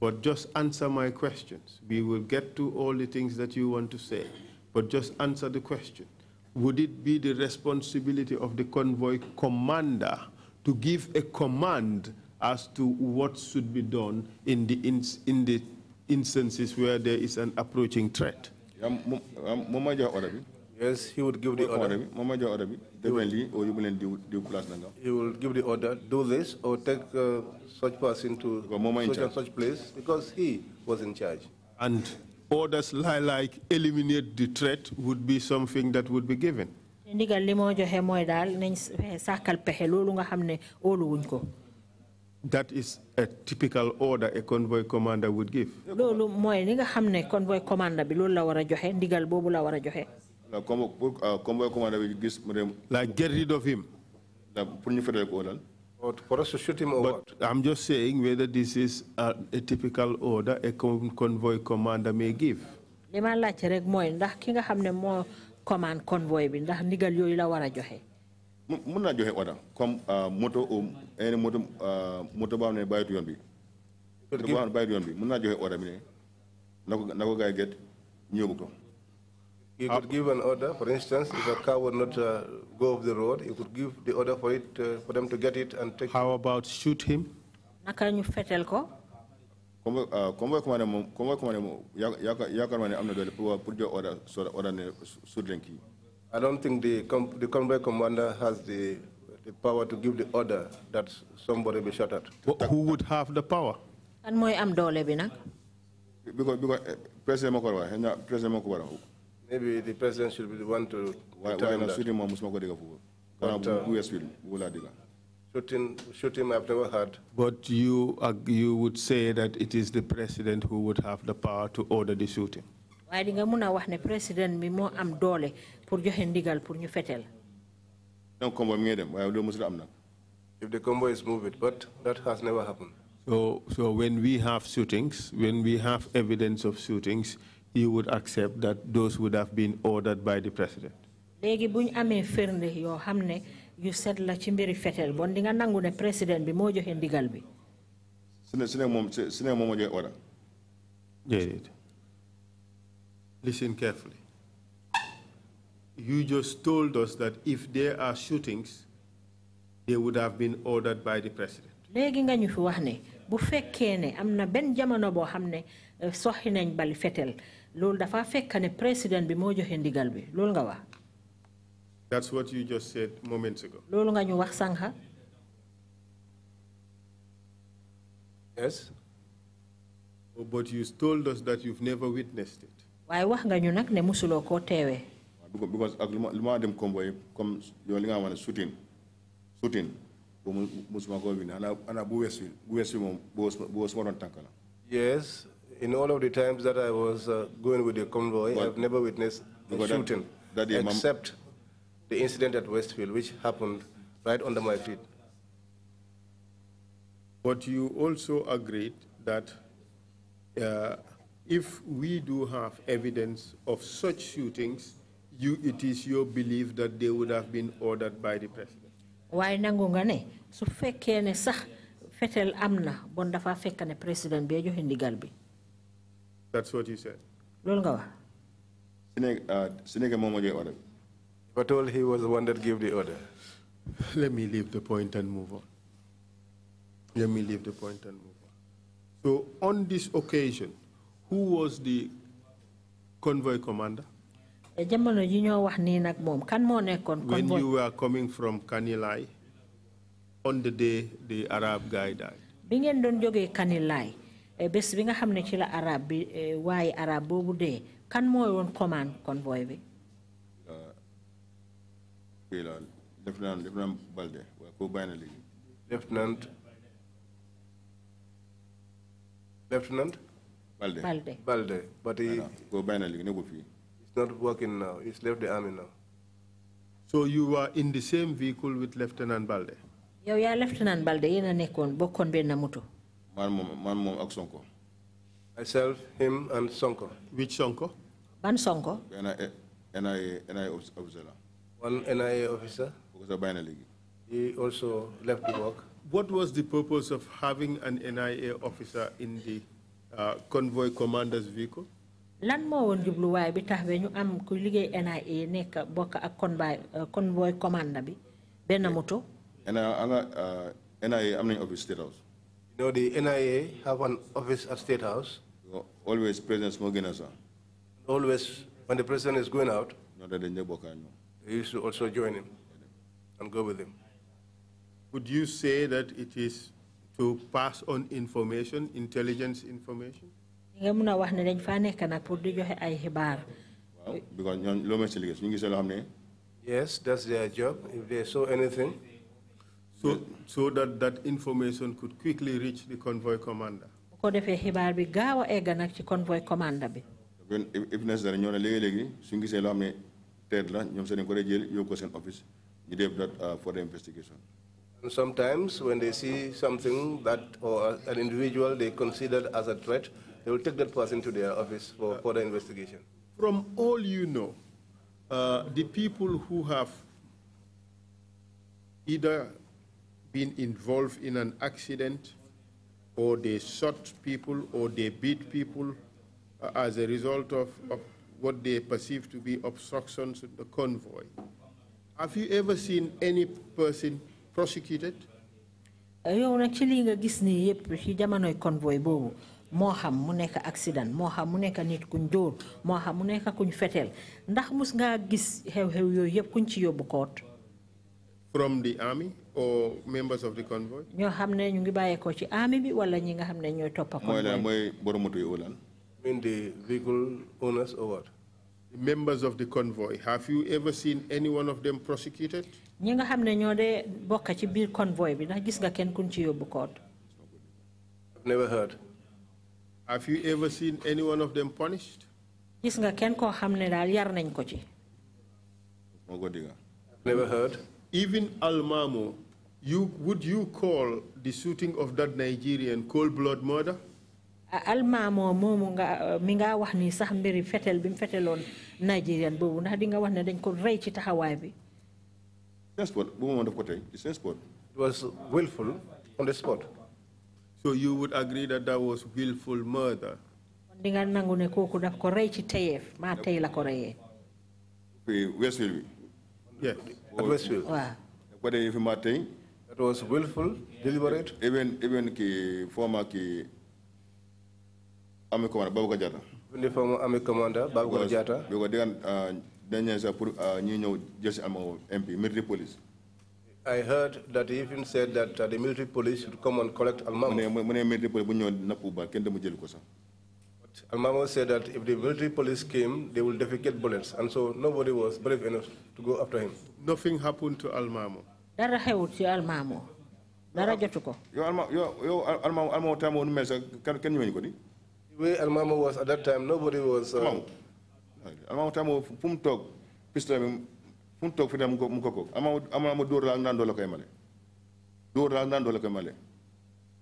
But just answer my questions. We will get to all the things that you want to say, but just answer the question. Would it be the responsibility of the convoy commander to give a command as to what should be done in the, in, in the instances where there is an approaching threat? Uh, yes he would give the order he will give the order do this or take uh, such person to. such and such place because he was in charge. and orders like eliminate the threat would be something that would be given. That is a typical order a convoy commander would give. convoy commander like ah, get rid of him. pour for us to shoot him But I'm just saying whether this is a, a typical order a convoy commander may give. command convoy mun naa joxe oda comme euh, moto un euh, moto euh, moto boo ne bàyyitu yoon bi. moto boo bàyyitu yoon bi mun naa joxe oda bi ne na ko na ko gars yi get ko. You could give an order, for instance, if a car would not uh, go off the road, you could give the order for it uh, for them to get it and take. How about shoot him? naka ñu fetel ko. comme comme comme ne moom comme comme ne moom yaakaar yaakaar naa ne am na doole pour pour jox order soo order ne suut leen kii. I don't think the, the combat commander has the, the power to give the order that somebody be shot at. But who would have the power? And moy am dole bi Because because eh, president mako wax, eh, na president mako Maybe the president should be the one to why na shooting mom musuma ko diga fu. Kana bu US will diga. Shooting shooting I've never heard. But you uh, you would say that it is the president who would have the power to order the shooting. Why di nga mun a wax ne président bi moo am doole pour joxe ndigal pour ñu donc convoy mi dem am if the convoy is moved but that has never happened so so when we have shootings when we have evidence of shootings you would accept that those would have been ordered by the president léegi amee yoo xam ne yu set la ci mbiri fetel bon di nga nangu ne président bi moo joxe ndigal bi su ne su ne moom su ne moom moo joxe order listen carefully you just told us that if there are shootings, they would have been ordered by the president. bu fekkee ne am na benn jamono boo xam ne euh, soxi nañ bali loolu dafa ne président bi moo joxe ndigal bi loolu nga wax. that's what you just said moments ago. loolu nga ñu wax sànq. yes. but you told us that you've never witnessed it. waaye wax nga ñu nag ne musuloo koo teewee because ak lu ma lu ma dem combo yi comme yow li nga xam ne sutin sutin musuma ko win ana ana bu wees wi bu wi tànk la. yes in all of the times that I was uh, going with the convoy I've never witnessed a shooting except the incident at Westfield which happened right under my feet. But you also agreed that uh, if we do have evidence of such shootings, you it is your belief that they would have been ordered by the president Why nangu nga ne su fekkee ne sa fetel amna bonda fa dafa ne président biyo joxe ndigal that's what you said loolu nga wax Senegal uh, moom order but all he was the one that gave the order let me leave the point and move on let me leave the point and move on so on this occasion who was the convoy commander when you were coming from Kanilai on the day the Arab guy died. bi ngeen doon jógee Kanilai eh, bés bi nga xam ne ci la arab bi eh, waaye arab boobu dee kan mooy woon command convoy bi. Uh, kii lieutenant lieutenant Balde waaye koo bàyyi na lieutenant. lieutenant. Balde Balde Balde. Ah, koo bàyyi na léegi ne go fi not working now. He's left the army now. So you were in the same vehicle with Lieutenant Balde? Yeah, yeah. Lieutenant Balde yéen a nekkoon bokkoon benn moto. man moom man Sonko. myself him and Sonko. which Sonko. ban Sonko. NIA NIA NIA officer one NIA officer. kooku sa bàyyi he also left the work. What was the purpose of having an NIA officer in the uh, convoy commander's vehicle? lan moo woon jubluwaay bi tax ba ñu am ku liggéey NIA nekk bokk ak convoy euh, convoy commande bi benn moto. NIA euh, am nañu office State House. you know the NIA have an office at State House. always president moo gën always when the president is going out. ñoo da dañ bokk they used to also join him and go with him. Would you say that it is to pass on information, intelligence information? nga mun wax ne dañ faa nekk nag pour di joxe ay xibaar. waaw because ñooñu loo mën si liggéey suñu gisee loo xam ne. yes that's their job if they saw anything. so so that that information could quickly reach the convoy commander. bu ko defee xibaar bi gaaw a egg nag ci convoy commander bi. if necessary ñoo ne léegi léegi suñu gisee loo xam ne teet la ñoom seen ko dee jël yóbbu ko office ñu def that uh, for the investigation. And sometimes when they see something that or an individual they considered as a threat. They will take that person to their office for further investigation. From all you know, uh, the people who have either been involved in an accident or they shot people or they beat people uh, as a result of, of what they perceive to be obstructions to the convoy. Have you ever seen any person prosecuted? yow nag ci actually nga gis nii yëpp convoy xam mu nekk accident moo xam mu nekk nit moo xam mu nekk kuñ ndax mus ngaa gis xew-xew yooyu yëpp kuñ ci yóbbu koot. from the army or members of the convoy. ñoo xam ne ñu ngi ci army bi wala ñi nga xam ne ñooy mooy lan mooy yi the vehicle owners or what. members of the convoy have you ever seen any one of them prosecuted. ñi nga xam ne ñoo bokk ci biir convoy bi ndax gis nga kenn kuñ ci yóbbu koot. never heard. Have you ever seen any one of them punished? gis nga kenn koo xam ne daal yar nañ ko ci. moo ko never heard. even Almamo you would you call the shooting of that Nigerian cold blood murder. Almamo moomu nga mi nga wax ni sax mbiri fetel bi mu Nigerian boobu ndax di nga wax ne dañ ko rey ci taxawaay bi. on the spot bu ma mën ko tey ci it was willful on the spot. So you would agree that that was willful murder? Dinga nangu Yes. That was willful, deliberate. Even even the former army commander Babacar Even former army commander Babacar Diatta. Because they ñëw uh, uh, uh, MP military police. I heard that he even said that uh, the military police should come and collect Almamo. But Almamo said that if the military police came, they will defecate bullets. And so nobody was brave enough to go after him. Nothing happened to Almamo. dara xewut ci almaamo dara jotu Al yow alma yow yow almaamo almaamo time woon you sax kan kenn ñëwee ko way was at that time nobody was uh, almaamo time fu mu toog pistolet fu fi mu ko ko ama ama dóor la koy male dóor la koy male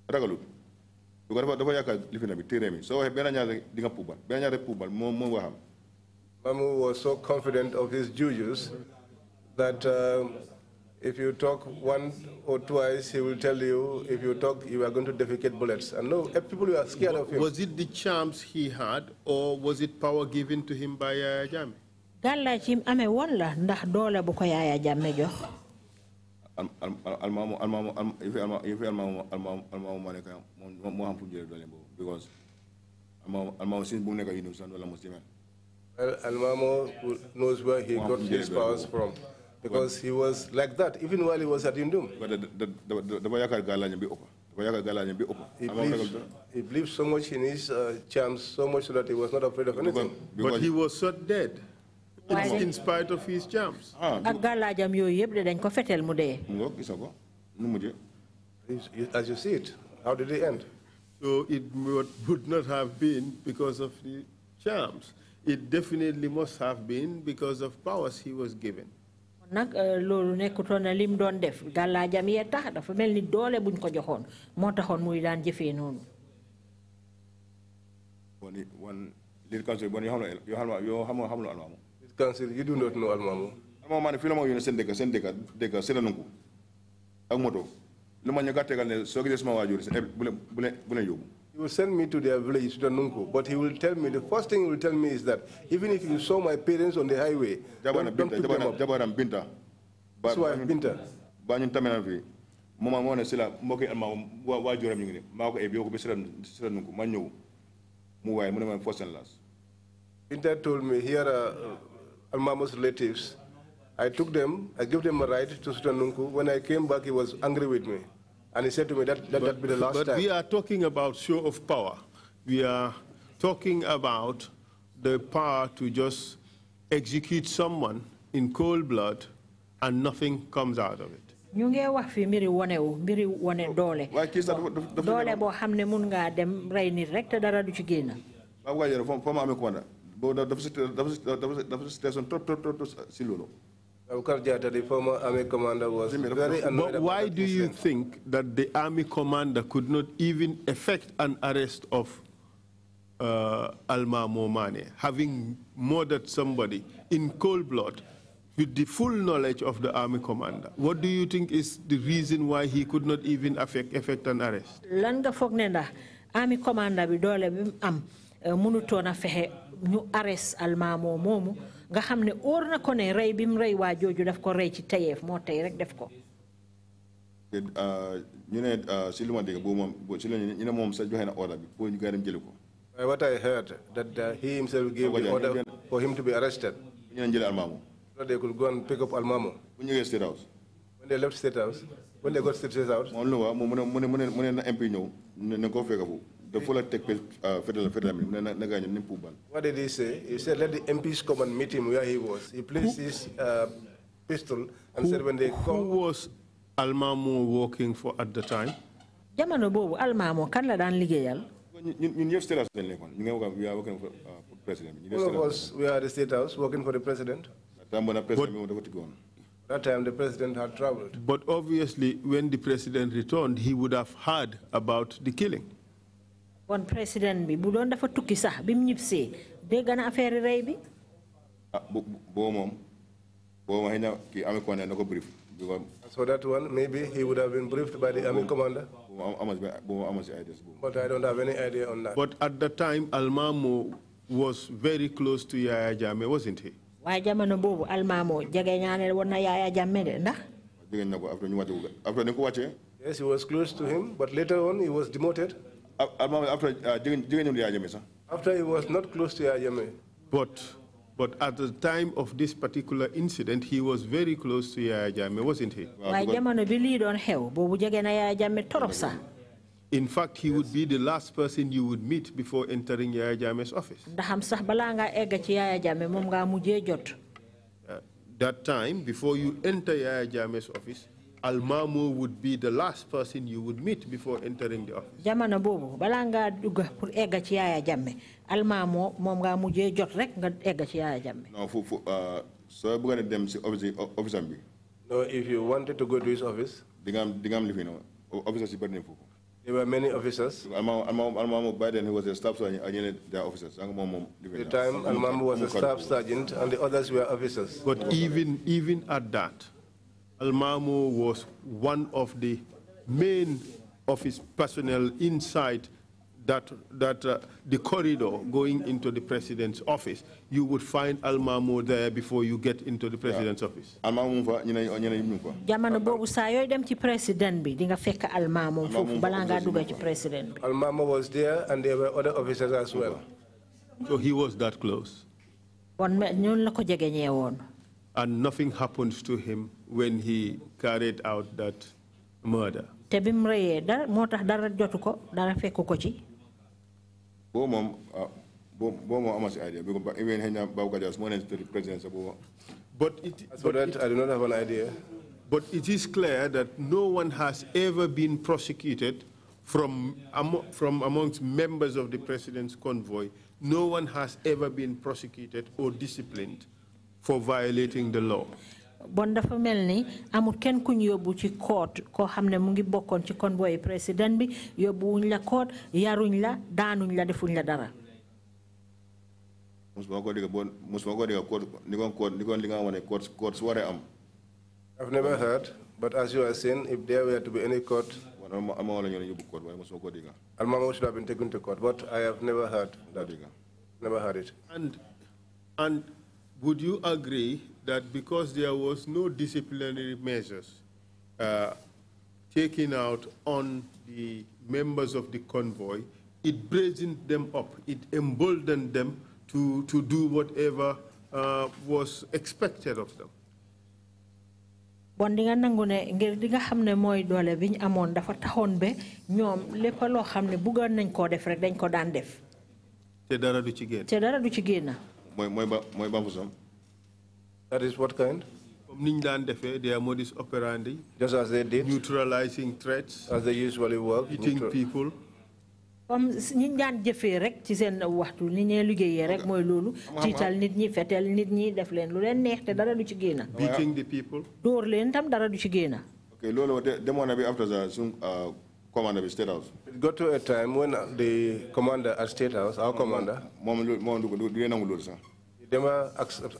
du ko dafa dafa mi ñaar di nga ñaar waxam Mamu was so confident of his jujus that uh, if you talk one or twice, he will tell you, if you talk, you are going to defecate bullets. And no, eh, people were scared of him. Was it the charms he had, or was it power given to him by uh, Jami? gàllaay ci amee woon la ndax doole bu ko yaaya jàmme jox almaamu almaamu yëfi almaamu almaamu moo nekk moom moo xam fu mu jëlee doole boobu because almaamu almaamu si bu mu nekk yunus noonu la mos demee Well, Almamo knows where he got his powers from because he was like that even while he was at Indum. He believed, he believed so much in his uh, charms, so much that he was not afraid of anything. But he was so dead in spite of his jams. Ah, ak gàllaajam yooyu yëpp de dañ ko fetel mu dee. mu ngoog nu mujjee. as you see it how did it end. so it would not have been because of the charms. It definitely must have been because of powers he was given. nag eh, loolu Nekutona na lim doon def gàllaajam yee tax dafa mel ni doole buñ ko joxoon moo taxoon muy daan jëfee noonu. wan wan li ko yoo xam ne yoo xam ne Council, you do not know man, Almamo. Almamo, if you know, you send the send the the Senanungu. Agmoto. Luma Nyagatagan, Sogilis Mawaju, He eh, will send me to their village, to Nunku, but he will tell me, the first thing he will tell me is that even if you saw my parents on the highway, Jabana Binta, Jabana, Jabana Binta. So I Binta. Banyan Taminavi. Mama Mona Silla, Moki and Wajuram, Mark Ebio, Senanungu, Manu, Muay, Munaman Fosanlas. Binta told me, here are. Uh, and Mama's relatives. I took them, I gave them a ride to Sutanunku. When I came back, he was angry with me. And he said to me, that, that, would be the last but time. But we are talking about show of power. We are talking about the power to just execute someone in cold blood and nothing comes out of it. ñu wax fi mbiri wone mbiri wone doole doole boo xam ne mun ngaa dem rey nit rek te dara du ci génn the former army commander, was But why do you think that the army commander could not even effect an arrest of uh, Alma Momane, having murdered somebody in cold blood with the full knowledge of the army commander? What do you think is the reason why he could not even effect, effect an arrest? Langa Fognenda, army commander, with all Eh, mënutoon a fehe ñu arrest almaamoo moomu nga xam ne óor na ko ne rey bi mu rey waa jooju daf ko rey ci tayeef moo tey rek def ko. Ah, ñu ne ah, si lu ma dégg boobu moom si la ñu ne moom sa joxe na order bi pour ñu koy dem jëli ko. what I heard that uh, he himself gave the order for him to be arrested. ñu ne jëli almaamoo. so they could go and pick up almaamoo. bu ñu ñëwee State House. when they left State House when they got State House. moom lu ma wax mu ne mu ne mu ne na MP ñëw ne ko fekk foofu. What did he say? He said, let the MPs come and meet him where he was. He placed who, his uh, pistol and who, said, when they who come. Who was Almamo working for at the time? Jamano Bobo, Almamo, Canada dan Ligayal. We are working for uh, president. All of us, we are at the State House working for the president. But, that time the president had traveled. But obviously, when the president returned, he would have heard about the killing kon président bi bu doon dafa tukki sax bi mu ñibbisee dégg na affaire rey bi. ah bu boo moom boo xëy na kii amee commandant brief. so that one maybe he would have been briefed by the army commander. But I don't have any idea on that. But at the time, Al Almamo was very close to Yaya Jame, wasn't he? yes he was close to him but later on he was demoted after uh, during during the Ajame, sir. After he was not close to Ajame. But but at the time of this particular incident, he was very close to Yaya wasn't he? In fact, he would be the last person you would meet before entering Yaya office. Uh, that time, before you enter Yaya office, Al Mamour would be the last person you would meet before entering the office. jamono boobu balaa ngaa dugg pour egga ci Yaya Jammeh Al Mamour moom ngaa mujjee jot rek nga egga ci Yaya Jammeh. non foofu ah, soo bëggoon a dem si office office no if you wanted to go to his office. di nga am di nga am li fi noonu officers yi bëri na foofu. There were many officers. Almamo Biden, who was a staff sergeant, and their officers. The time Almamo was a staff sergeant, and the others were officers. But even even at that, Almamo was one of the main office personnel inside that, that uh, the corridor going into the president's office, you would find Almamo there before you get into the president's yeah. office. Almamo dem president bi president bi. Almamo was there and there were other officers as well. So he was that close. And nothing happens to him when he carried out that murder. te dara jotu ko dara fekku ko ci. Ah, idea because even but it so that I do not have an idea. But it is clear that no one has ever been prosecuted from, from amongst members of the president's convoy. No one has ever been prosecuted or disciplined for violating the law bon dafa amul kenn ku yóbbu ci koot koo xam mu ngi bokkoon ci convoy président bi yóbbuwuñ la koot yaruñ la daanuñ la defuñ la dara. musuma ko dégg bon musuma ko dégg koot ni kon koot ni kon li nga xam ne koot su waree am. I've never heard but as you are saying if there were to be any court. waaw amaa Almama should have been taken to court but I have never heard that. Never heard it. And and would you agree that because there was no disciplinary measures uh, taken out on the members of the convoy, it brazened them up, it emboldened them to, to do whatever uh, was expected of them. bon di nga nangu ne ngir di nga xam ne mooy doole bi ñu amoon dafa taxoon ba ñoom lépp loo xam ne bëggoon nañ koo def rek dañ ko daan def. te dara du ci génn. te dara du ci génn. mooy mooy ba mooy ba that is what kind? Their modus operandi. Just as they did. Neutralizing threats. As they usually work. Hitting neutral. people. comme ni ñu daan jëfee rek ci seen waxtu ni ñee liggéeyee rek mooy loolu tiital nit ñi fetel nit ñi def leen lu leen neex te dara du ci génn beating the people dóor leen tam dara du ci génn ok loolu demoon na bi after the suñ commander bi State House it got to a time when the commander at State House our commander moom moom du leen nangu loolu sax dema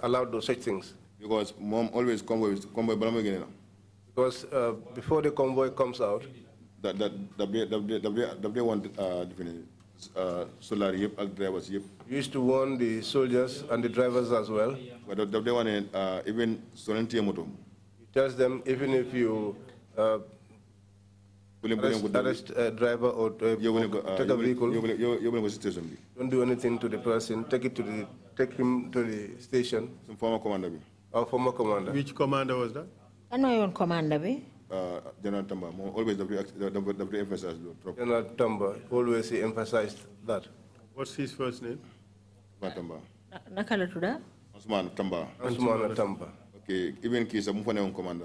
allowed those such things because mom always convoy convoy balamu gine Because uh, before the convoy comes out. That that W W W W one uh, uh, solar yep and drivers yep. Used to warn the soldiers and the drivers as well. But W one uh, even solentia You tell them even if you. Uh, arrest, arrest a driver or, uh, or take a vehicle. Don't do anything to the person. Take it to the take him to the station. Some former commander. Our oh, former commander. Which commander was that? I know your commander be? Uh, General Tamba, always uh, emphasized General Tamba always he emphasized that. What's his first name? Tamba. Nakala tuda? Osman Tamba. Osman Tamba. Okay, even kisa mufane on commander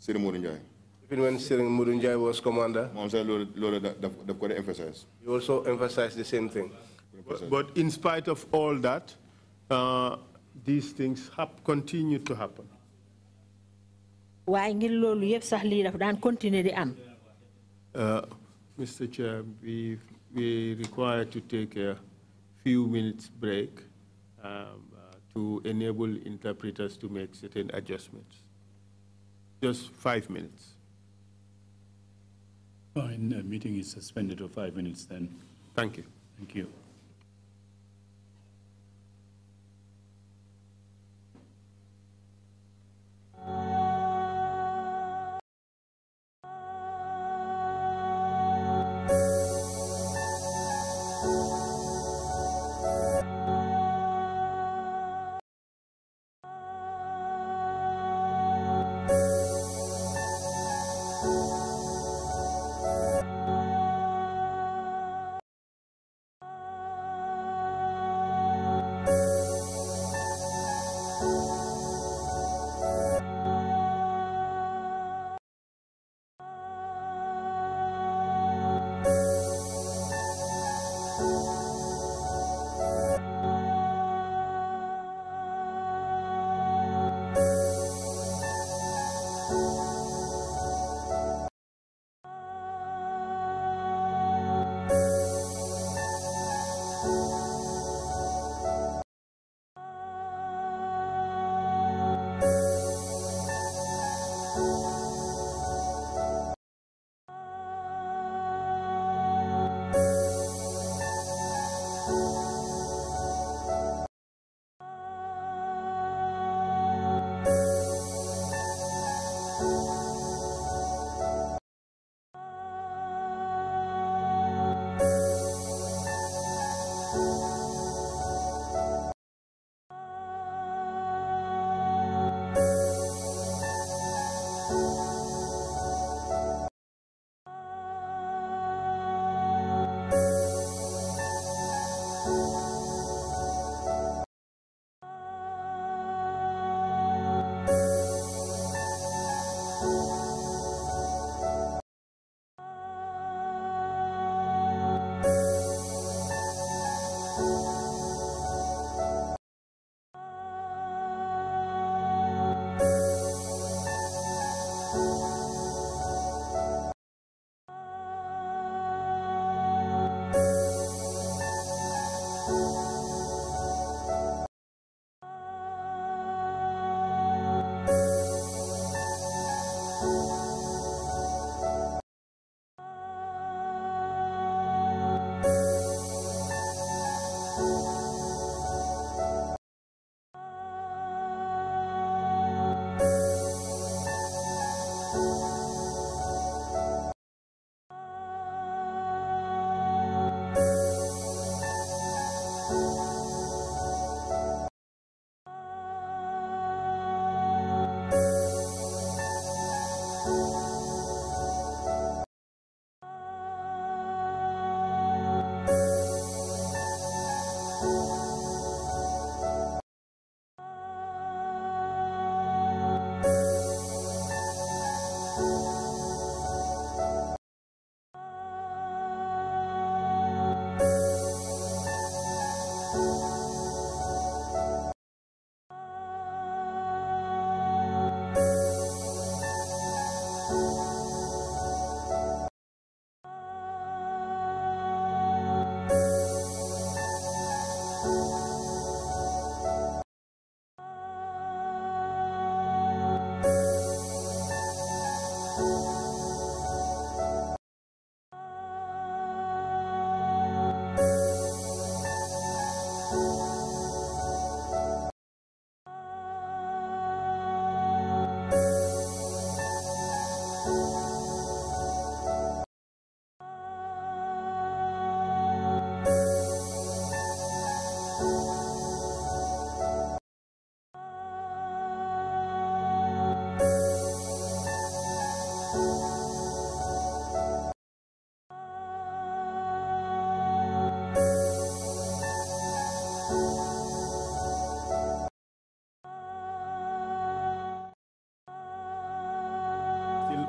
Siri Murunjai. Even when Siri Murunjai was commander? Mamsa Lola they've got also emphasized the same thing. But, but in spite of all that, uh, these things continue to happen. waaye am. Uh, Mr. Chair, we we require to take a few minutes break um, uh, to enable interpreters to make certain adjustments. Just five minutes. Fine. The uh, meeting is suspended for five minutes then. Thank you. Thank you. Bye.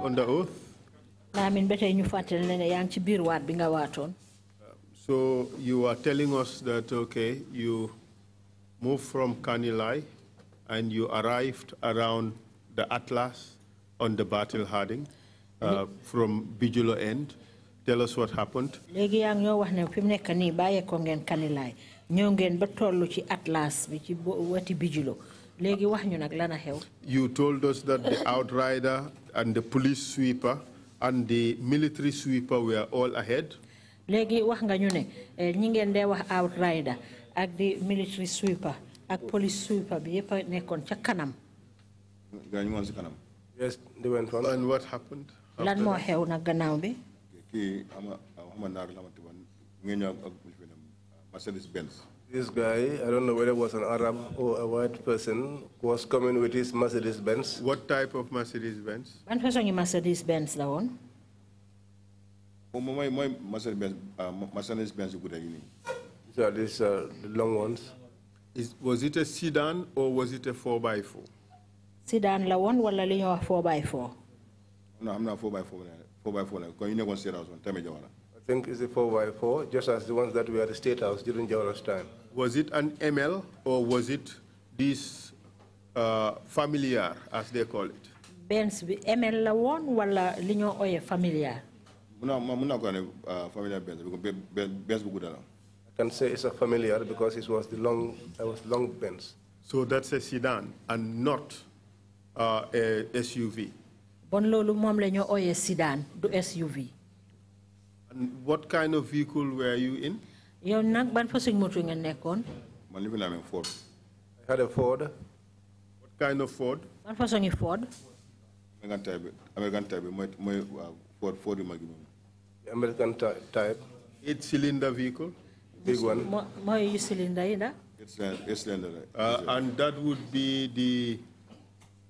under oath? So you are telling us that, okay, you moved from Kanilai and you arrived around the Atlas on the battle Harding uh, from Bijulo end. Tell us what happened. You told us that the outrider and the police sweeper and the military sweeper were all ahead. Legi wax nga ñu ne eh, ñi ngeen dee wax outrider ak di military sweeper ak police sweeper bi yëpp a nekkoon ca kanam. gaa ñu woon kanam. yes they went on. and what happened. lan mo xew nag gannaaw bi. kii ama waxuma naar la ma tuban ngeen ñëw ak Mercedes Benz. This guy, I don't know whether it was an Arab or a white person, was coming with his Mercedes Benz. What type of Mercedes Benz? One person, oh, in Mercedes Benz la won? my, moy Mercedes Benz uh, Mercedes Benz bu day So these are uh, the long ones. Is, was it a sedan or was it a 4x4? Sedan la won wala li 4x4? No, I'm not 4x4. 4x4 ko ñu nekkon one? Tell me, jawara. I think it's a 4x4 just as the ones that were at the state house during Jawara's time was it an ML or was it this uh, familiar, as they call it? Benz ML la woon wala li ñoo familiar. mun naa mun ko ne uh, familiar Benz Benz bu gudda I can say it's a familiar because it was the long it was long Benz. So that's a sedan and not uh, a SUV. bon loolu moom la ñoo sedan du SUV. And what kind of vehicle were you in? Yow nak ban façon moto nga nekkon? Man limi la Ford. I had a Ford. What kind of Ford? Ban façon Ford? American type. American type moy moy uh, Ford Ford magi mom. American type. Eight cylinder vehicle. Big one. Moy cylinder yi da? Eight cylinder. Uh, and that would be the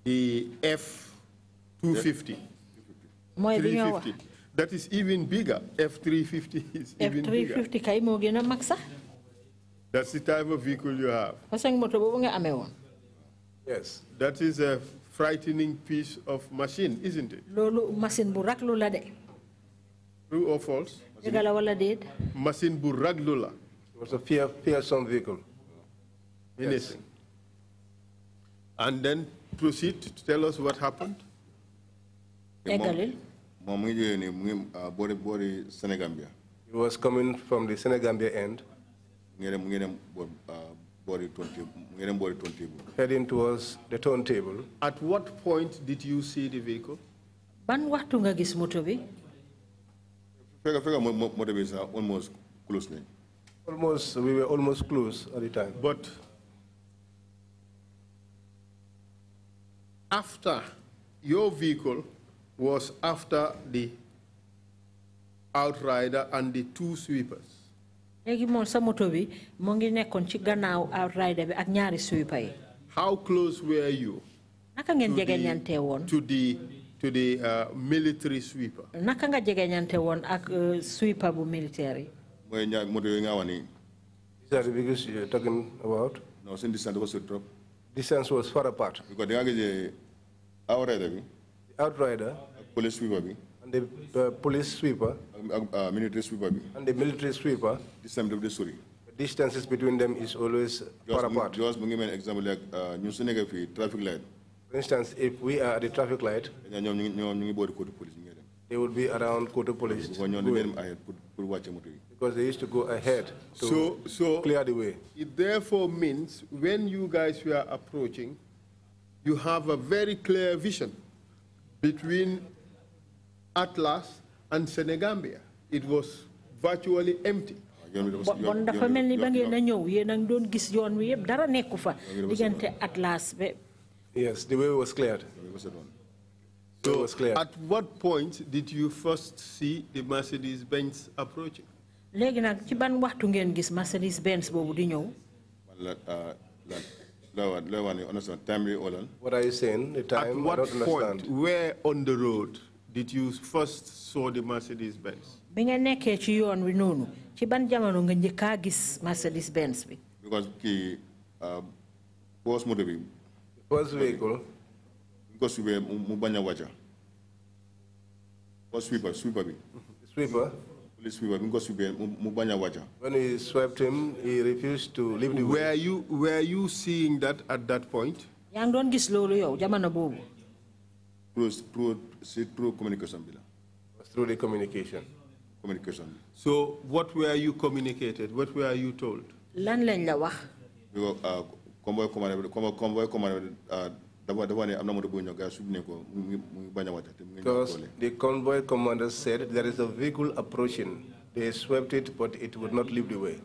the F 250. Moy bi nga that is even bigger. F-350 is even bigger. F-350 kay moo gën a That's the type of vehicle you have. façon moto boobu nga amee woon. Yes. That is a frightening piece of machine, isn't it? Lolo machine burak raglu de. True or false? dëgg la wala machine burak raglu It was a fear, fearsome vehicle. Yes. And then proceed to tell us what happened. Egalil. Uh, he was coming from the Senegambia end. Uh, Heading towards the turntable. At what point did you see the vehicle? ban waxtu nga gis moto bi fekk fekk moto bi almost close almost we were almost close at the time but after your vehicle was after the outrider and the two sweepers. outrider how close were you. to the to the uh, military sweeper. naka uh, sweeper Is that the biggest you're talking about? No, since distance was drop. Distance was far apart. Because the uh, outrider. The outrider police sweeper and the uh, police sweeper. uh, military sweeper and the military sweeper. distance bi daf distances between them is always just, far apart. just mu me an example. like traffic light. For instance, if we are at the traffic light, they would be around Koto Police. Because they used to go ahead to so, so clear the way. It therefore means when you guys were approaching, you have a very clear vision between Atlas and Senegambia. It was virtually empty. bon dafa mel ni ba ngeen ñëw yéen a ngi doon gis yoon wi yëpp dara nekku fa diggante Atlas Yes, the way was cleared. So was at what point did you first see the Mercedes Benz approaching? léegi nag ci ban waxtu ngeen gis Mercedes Benz boobu di ñëw. What are you saying? The time, at what point? Where on the road? did you first saw the Mercedes Benz? bi neke nekkee ci yoon wi noonu ci ban Mercedes Benz bi. because kii boos um, motor bi. boos vehicle. Because we were mubanya waja. wàcca. sweeper sweeper bi. sweeper. police sweeper Because we were mubanya waja. when he swept him he refused to leave the. were you were you seeing that at that point. yaa ngi doon gis loolu yow jamono boobu through communication through the communication communication so what were you communicated what were you told lan lañ la wax ah, commandé commandé ah, dafa dafa né amna moto bu ñëw ne ko mu baña wata te mu the convoy commander said there is a vehicle approaching they swept it but it would not leave the way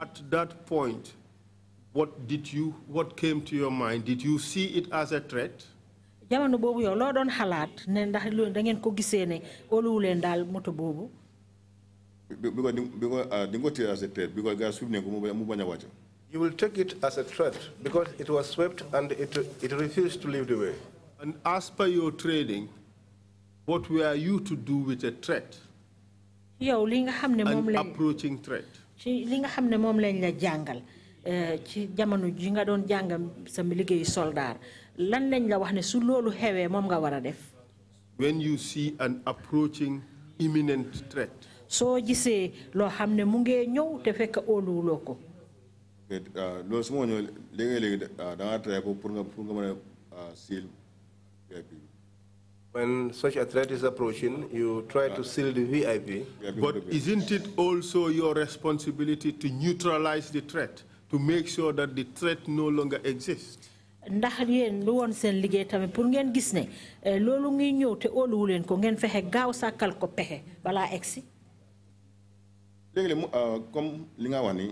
at that point what did you what came to your mind did you see it as a threat ne ndax lu da ngeen ko gisee ne moto ko mu you will take it as a threat because it was swept and it it refused to leave the way. and as per your training what were you to do with a threat. yow li nga lañ approaching threat. ci li nga lañ la jàngal. Eh, ci jamono ji nga doon jàngam sa lan lañ la wax ne su loolu xewee moom nga war a def. when you see an approaching imminent threat. soo gisee loo xam ne mu ngee ñëw te fekk óoluwuloo ko. Uh, loolu su ma ñëw léegi-léegi uh, pour nga pour nga mën a uh, seal VIP. When such a threat is approaching, you try to seal the VIP. But isn't it also your responsibility to neutralize the threat? to make sure that the threat no longer exists. ndax yéen lu woon seen liggéey tamit pour ngeen gis ne eh, loolu ngi ñëw te óoluwu leen ko ngeen fexe gaaw sàkkal ko pexe balaa léegi euh, comme li nga wax ni.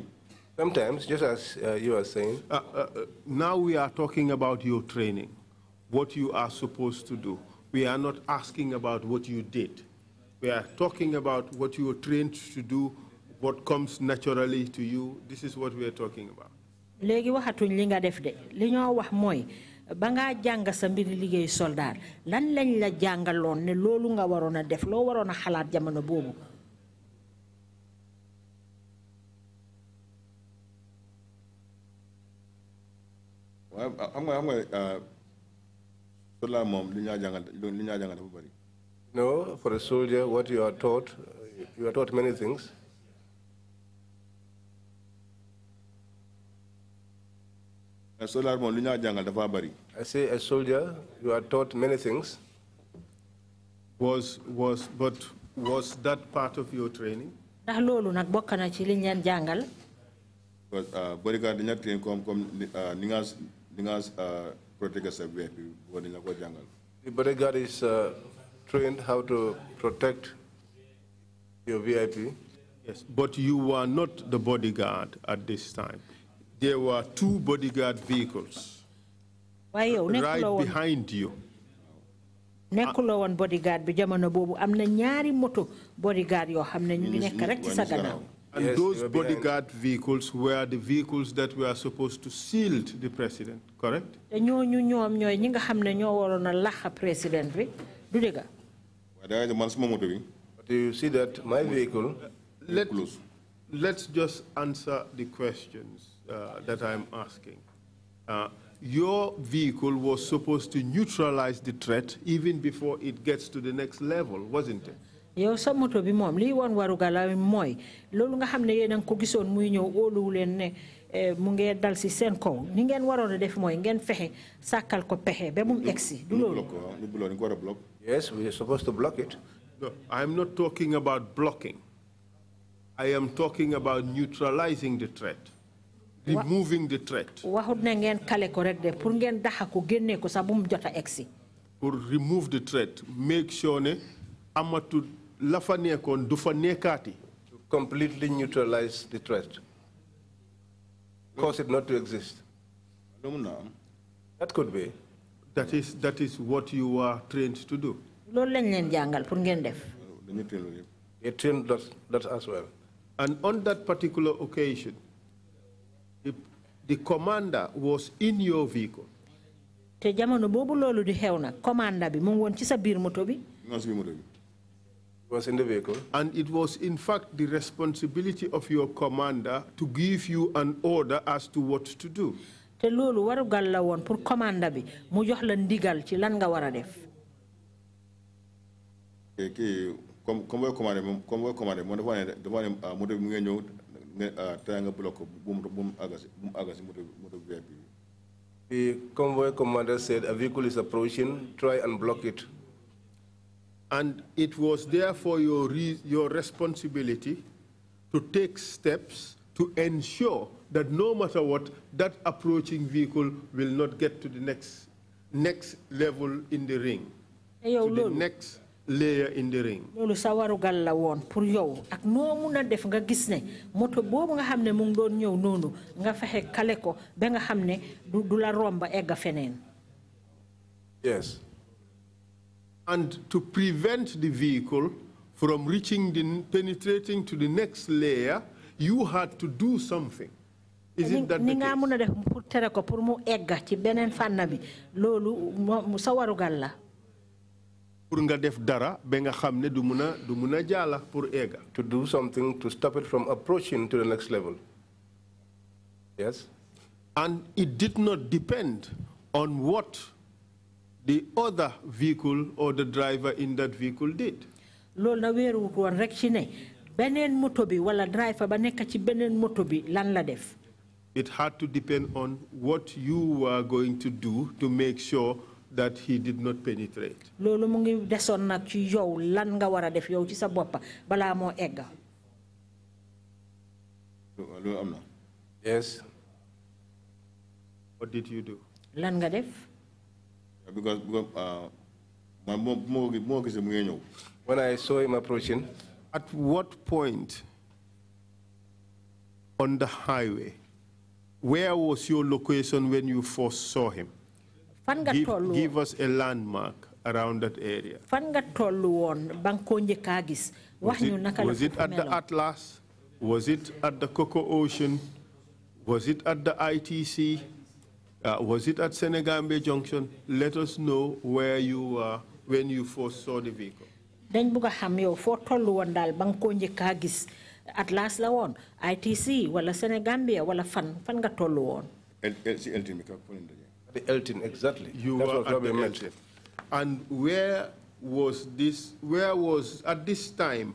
sometimes just as uh, you are saying. Uh, uh, uh, now we are talking about your training, what you are supposed to do. We are not asking about what you did. We are talking about what you were trained to do what comes naturally to you this is what we are talking about léegi waxatuñ li nga def de li ñoo wax mooy ba ngaa jàng sa mbiri liggéey soldaar lan lañ la jàngaloon ne loolu nga waroon a def loo waroon a xalaat jamono boobu waaw xam nga xam nga euh, soldaar moom li ñaa jàngal li ñaa jàngal dafa bëri no for a soldier what you are taught you are taught many things I a soldier, you are taught many things. Was, was, but was that part of your training? ndax loolu nag bokk na ci liñ leen jàngal. Uh, bodyguard you are train comme come uh, ni nga ni nga uh, protéger sa weex bi boo The bodyguard is uh, trained how to protect your VIP. Yes, but you were not the bodyguard at this time there were two bodyguard vehicles right behind you. nekkuloo woon bodyguard bi jamono boobu am na ñaari moto bodyguard yoo xam ne ñu ngi nekk rek ci sa gannaaw. and those bodyguard vehicles were the vehicles that were supposed to shield the president correct. te ñooñu ñoom ñooy ñi nga xam ne ñoo waroon a laxa président bi du dëgg. waaye da man suma moto bi. but you see that my vehicle. let let's just answer the questions uh, that I'm asking. Uh, your vehicle was supposed to neutralize the threat even before it gets to the next level, wasn't it? yow sa moto bi moom mooy loolu nga xam ne yéen a ko gisoon muy ñëw leen ne eh, mu ngee dal si seen ni ngeen waroon a def mooy ngeen fexe sàkkal ko pexe ba mu egsi du yes we are supposed to block it no I am not talking about blocking I am talking about neutralizing the threat moving the threat. waxut ne kale remove the threat make sure ne amatul la fa nekkoon du to completely neutralize the threat. cause it not to exist. that could be. that is that is what you are trained to do. loolu lañ jàngal def. trained that as well. and on that particular occasion the commander was in your vehicle. te jamono boobu loolu di xew nag commanda bi mu ngi woon ci sa biir moto bi. was in the vehicle. And it was, in fact, the responsibility of your commander to give you an order as to what to do. te loolu warugal la woon pour commander bi mu jox la ndigal ci lan nga war a def. kii comme comme booy commandé comme booy commandé moom dafa ne dafa ne ah, moto bi mu ngi ñëw agasi ah, agasi The convoy commander said a vehicle is approaching. Try and block it. And it was therefore your your responsibility to take steps to ensure that no matter what, that approaching vehicle will not get to the next next level in the ring. to the next layer in the ring. la pour yow ak def nga gis ne moto nga mu ngi doon ñëw nga fexe ko nga du la yes and to prevent the vehicle from reaching the penetrating to the next layer you had to do something. is it that ni nga mun a def pour tere ko pour mu egg ci beneen fànn bi la pour nga def dara ba nga xam du mun du mun a pour egga to do something to stop it from approaching to the next level yes and it did not depend on what the other vehicle or the driver in that vehicle did loolu na wéeruwut woon rek ci ne beneen moto bi wala driver ba nekk ci beneen moto bi lan la def it had to depend on what you were going to do to make sure that he did not penetrate. yes. what did you do. because because when I saw him approaching. at what point on the highway where was your location when you first saw him fan give us a landmark around that area Fanga nga tollu woon was it at the Atlas was it at the Coco Ocean was it at the ITC Uh, was it at Senegambe Junction? Let us know where you were when you first saw the vehicle. dañ bugg a xam yow foo toll woon gis Atlas la won ITC wala Senegambia wala fan fan nga the Elton, exactly. You That's were at the Elton. And where was this, where was, at this time,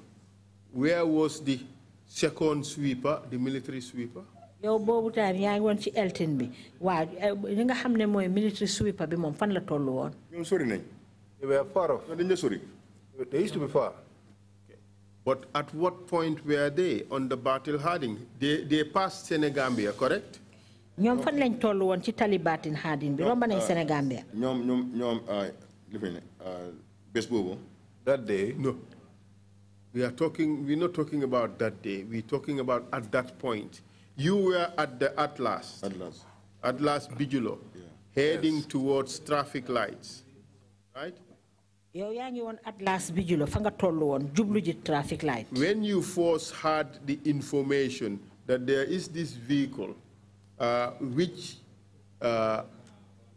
where was the second sweeper, the military sweeper? yow boobu time yaa ngi woon ci Elton bi waaw eh, li nga xam ne mooy military sweeper bi moom fan la toll woon. ñoom sori nañ. they were far off. dañ la sori. they used to be far. but at what point were they on the battle harding they they passed Senegambia correct ñoom fan lañ toll woon ci talibaatin xaadin bi romb nañ euh, Sénégambia. ñoom ñoom ñoom euh, li fi ne euh, bés boobu. that day. no we are talking we are not talking about that day we are talking about at that point you were at the Atlas. Atlas. Atlas Bijulo. heading towards traffic lights right. yow yaa ngi woon Atlas Bijulo fa nga toll woon jublu ji traffic light. when you first had the information that there is this vehicle. Uh, which uh,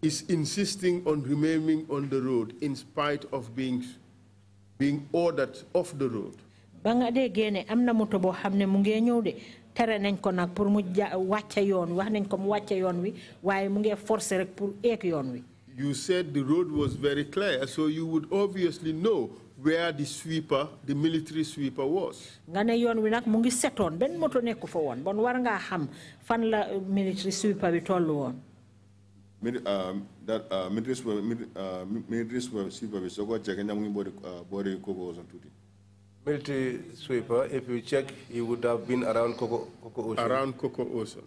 is insisting on remaining on the road in spite of being being ordered off the road. moto mu ñëw de tere nañ ko pour mu wàcce yoon wax nañ ko mu wàcce yoon wi mu forcer rek pour yoon wi. you said the road was very clear so you would obviously know where the sweeper, the military sweeper was. Gane ne yoon wi nag mu ngi setoon benn moto nekku fa woon bon war ngaa xam fan la military sweeper bi toll woon. Uh, that uh, military sweeper, uh, military sweeper bi soo check ñam ngi boori boori Coco Ocean tuuti. Military sweeper, if you check, he would have been around Coco, Coco Ocean. Around Coco Ocean.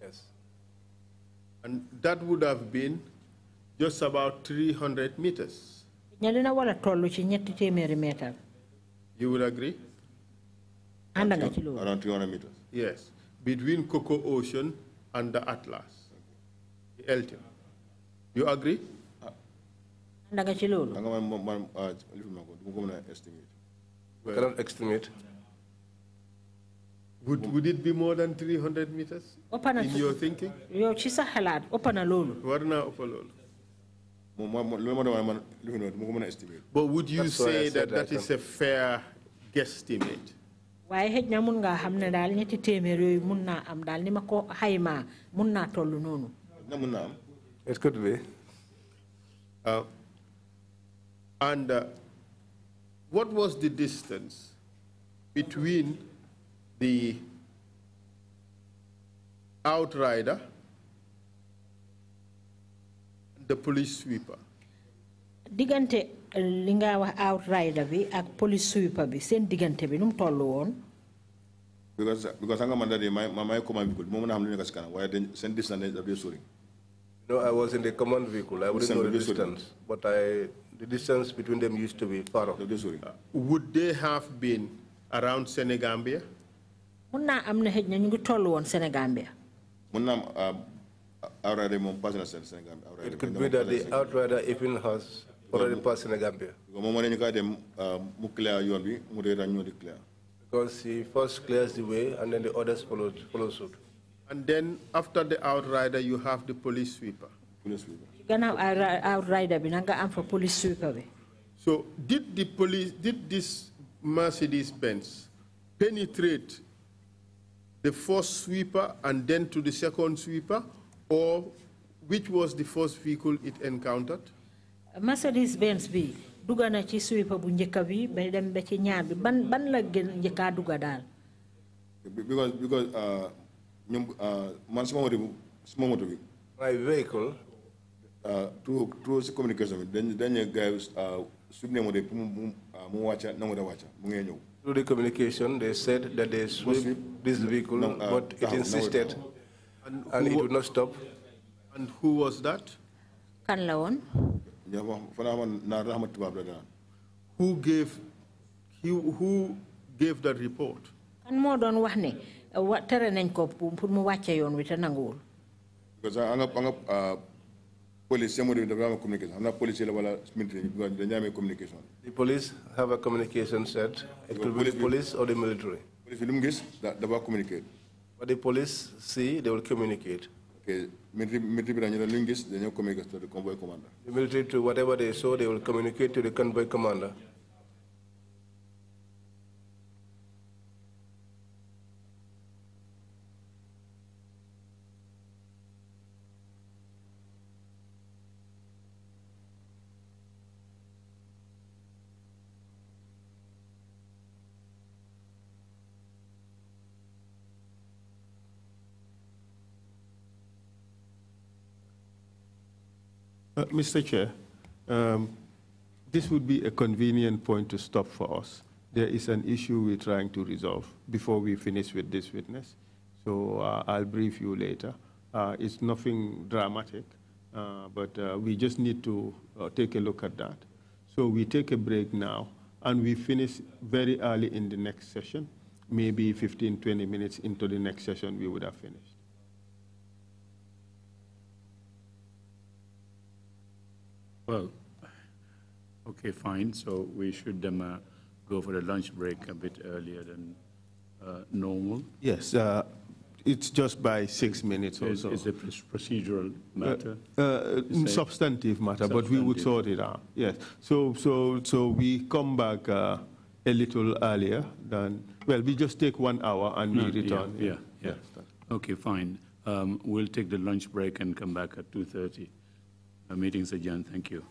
Yes. And that would have been just about 300 meters ci ñetti You will agree? Around 200 meters. Yes, between Coco Ocean and the Atlas, the Elton. You agree? Ah. ndaga ci loolu. nga man man ah, du ko cannot estimate. Would, would it be more than 300 meters? in your thinking? yow chisa sa xalaat ëpp but would you That's say that that is um, a fair guesstimate? waaye xëj na mun ngaa xam ne daal ñetti téeméer yooyu mun naa am daal ni ko xaymaa mun naa toll noonu. na mun naa am. it could be. Uh, and uh, what was the distance between the outrider the police sweeper Digante, eh, linga wa wax outrider bi ak police sweeper bi seen digante bi num mu toll because because nga man dadi may may command vehicle mo meuna xam lu nekk ci kanam waaye dañ distance daf dee sori No, I was in the command vehicle. I wouldn't know the distance, but I, the distance between them used to be far off. Would they have been around Senegambia? Munna am na hejna ñu ngi tollu won already passed in Senegambia. It could be that the outrider even has already passed in Gambia. Uh, because he first clears the way and then the others follow, follow suit. And then after the outrider, you have the police sweeper. Police sweeper. Gana outrider binanga am for police sweeper. So did the police, did this Mercedes Benz penetrate the first sweeper and then to the second sweeper? Or which was the first vehicle it encountered? Mercedes Benz bi duga na ci pa bu ñëk bi ba ban ban la gën ñëka duga dal because because uh ñum uh man sama moto sama moto my vehicle uh through through the communication then dañ guys uh subne mo de pour mu mu uh, wacca nango da mungenyo. through the communication they said that they sweep this vehicle no, uh, but it insisted and, and it would not stop. And who was that? Kan la woon. Who gave, he, who gave that report? Kan moo doon wax ne wa tere nañ ko pour mu wàcce yoon wi te Because anga anga police dem dafa am communication. police la wala military communication. The police have a communication set. It could be the police or the military. Police lu mu gis dafa communicate. What the police see, they will communicate. Okay, military, military to the convoy commander. The military to whatever they saw, they will communicate to the convoy commander. Uh, Mr. Chair, um, this would be a convenient point to stop for us. There is an issue we're trying to resolve before we finish with this witness. So uh, I'll brief you later. Uh, it's nothing dramatic, uh, but uh, we just need to take a look at that. So we take a break now, and we finish very early in the next session, maybe 15, 20 minutes into the next session we would have finished. Well, okay, fine, so we should um, uh, go for a lunch break a bit earlier than uh, normal. Yes, uh, it's just by six minutes or It's so. Is a procedural matter. Uh, uh substantive matter, but we would sort it out. Yes. So, so, so we come back uh, a little earlier than. Well, we just take one hour and No, we return. Yeah, yeah, yeah. Okay, fine. Um, We'll take the lunch break and come back at 2:30. The meeting's again. Thank you.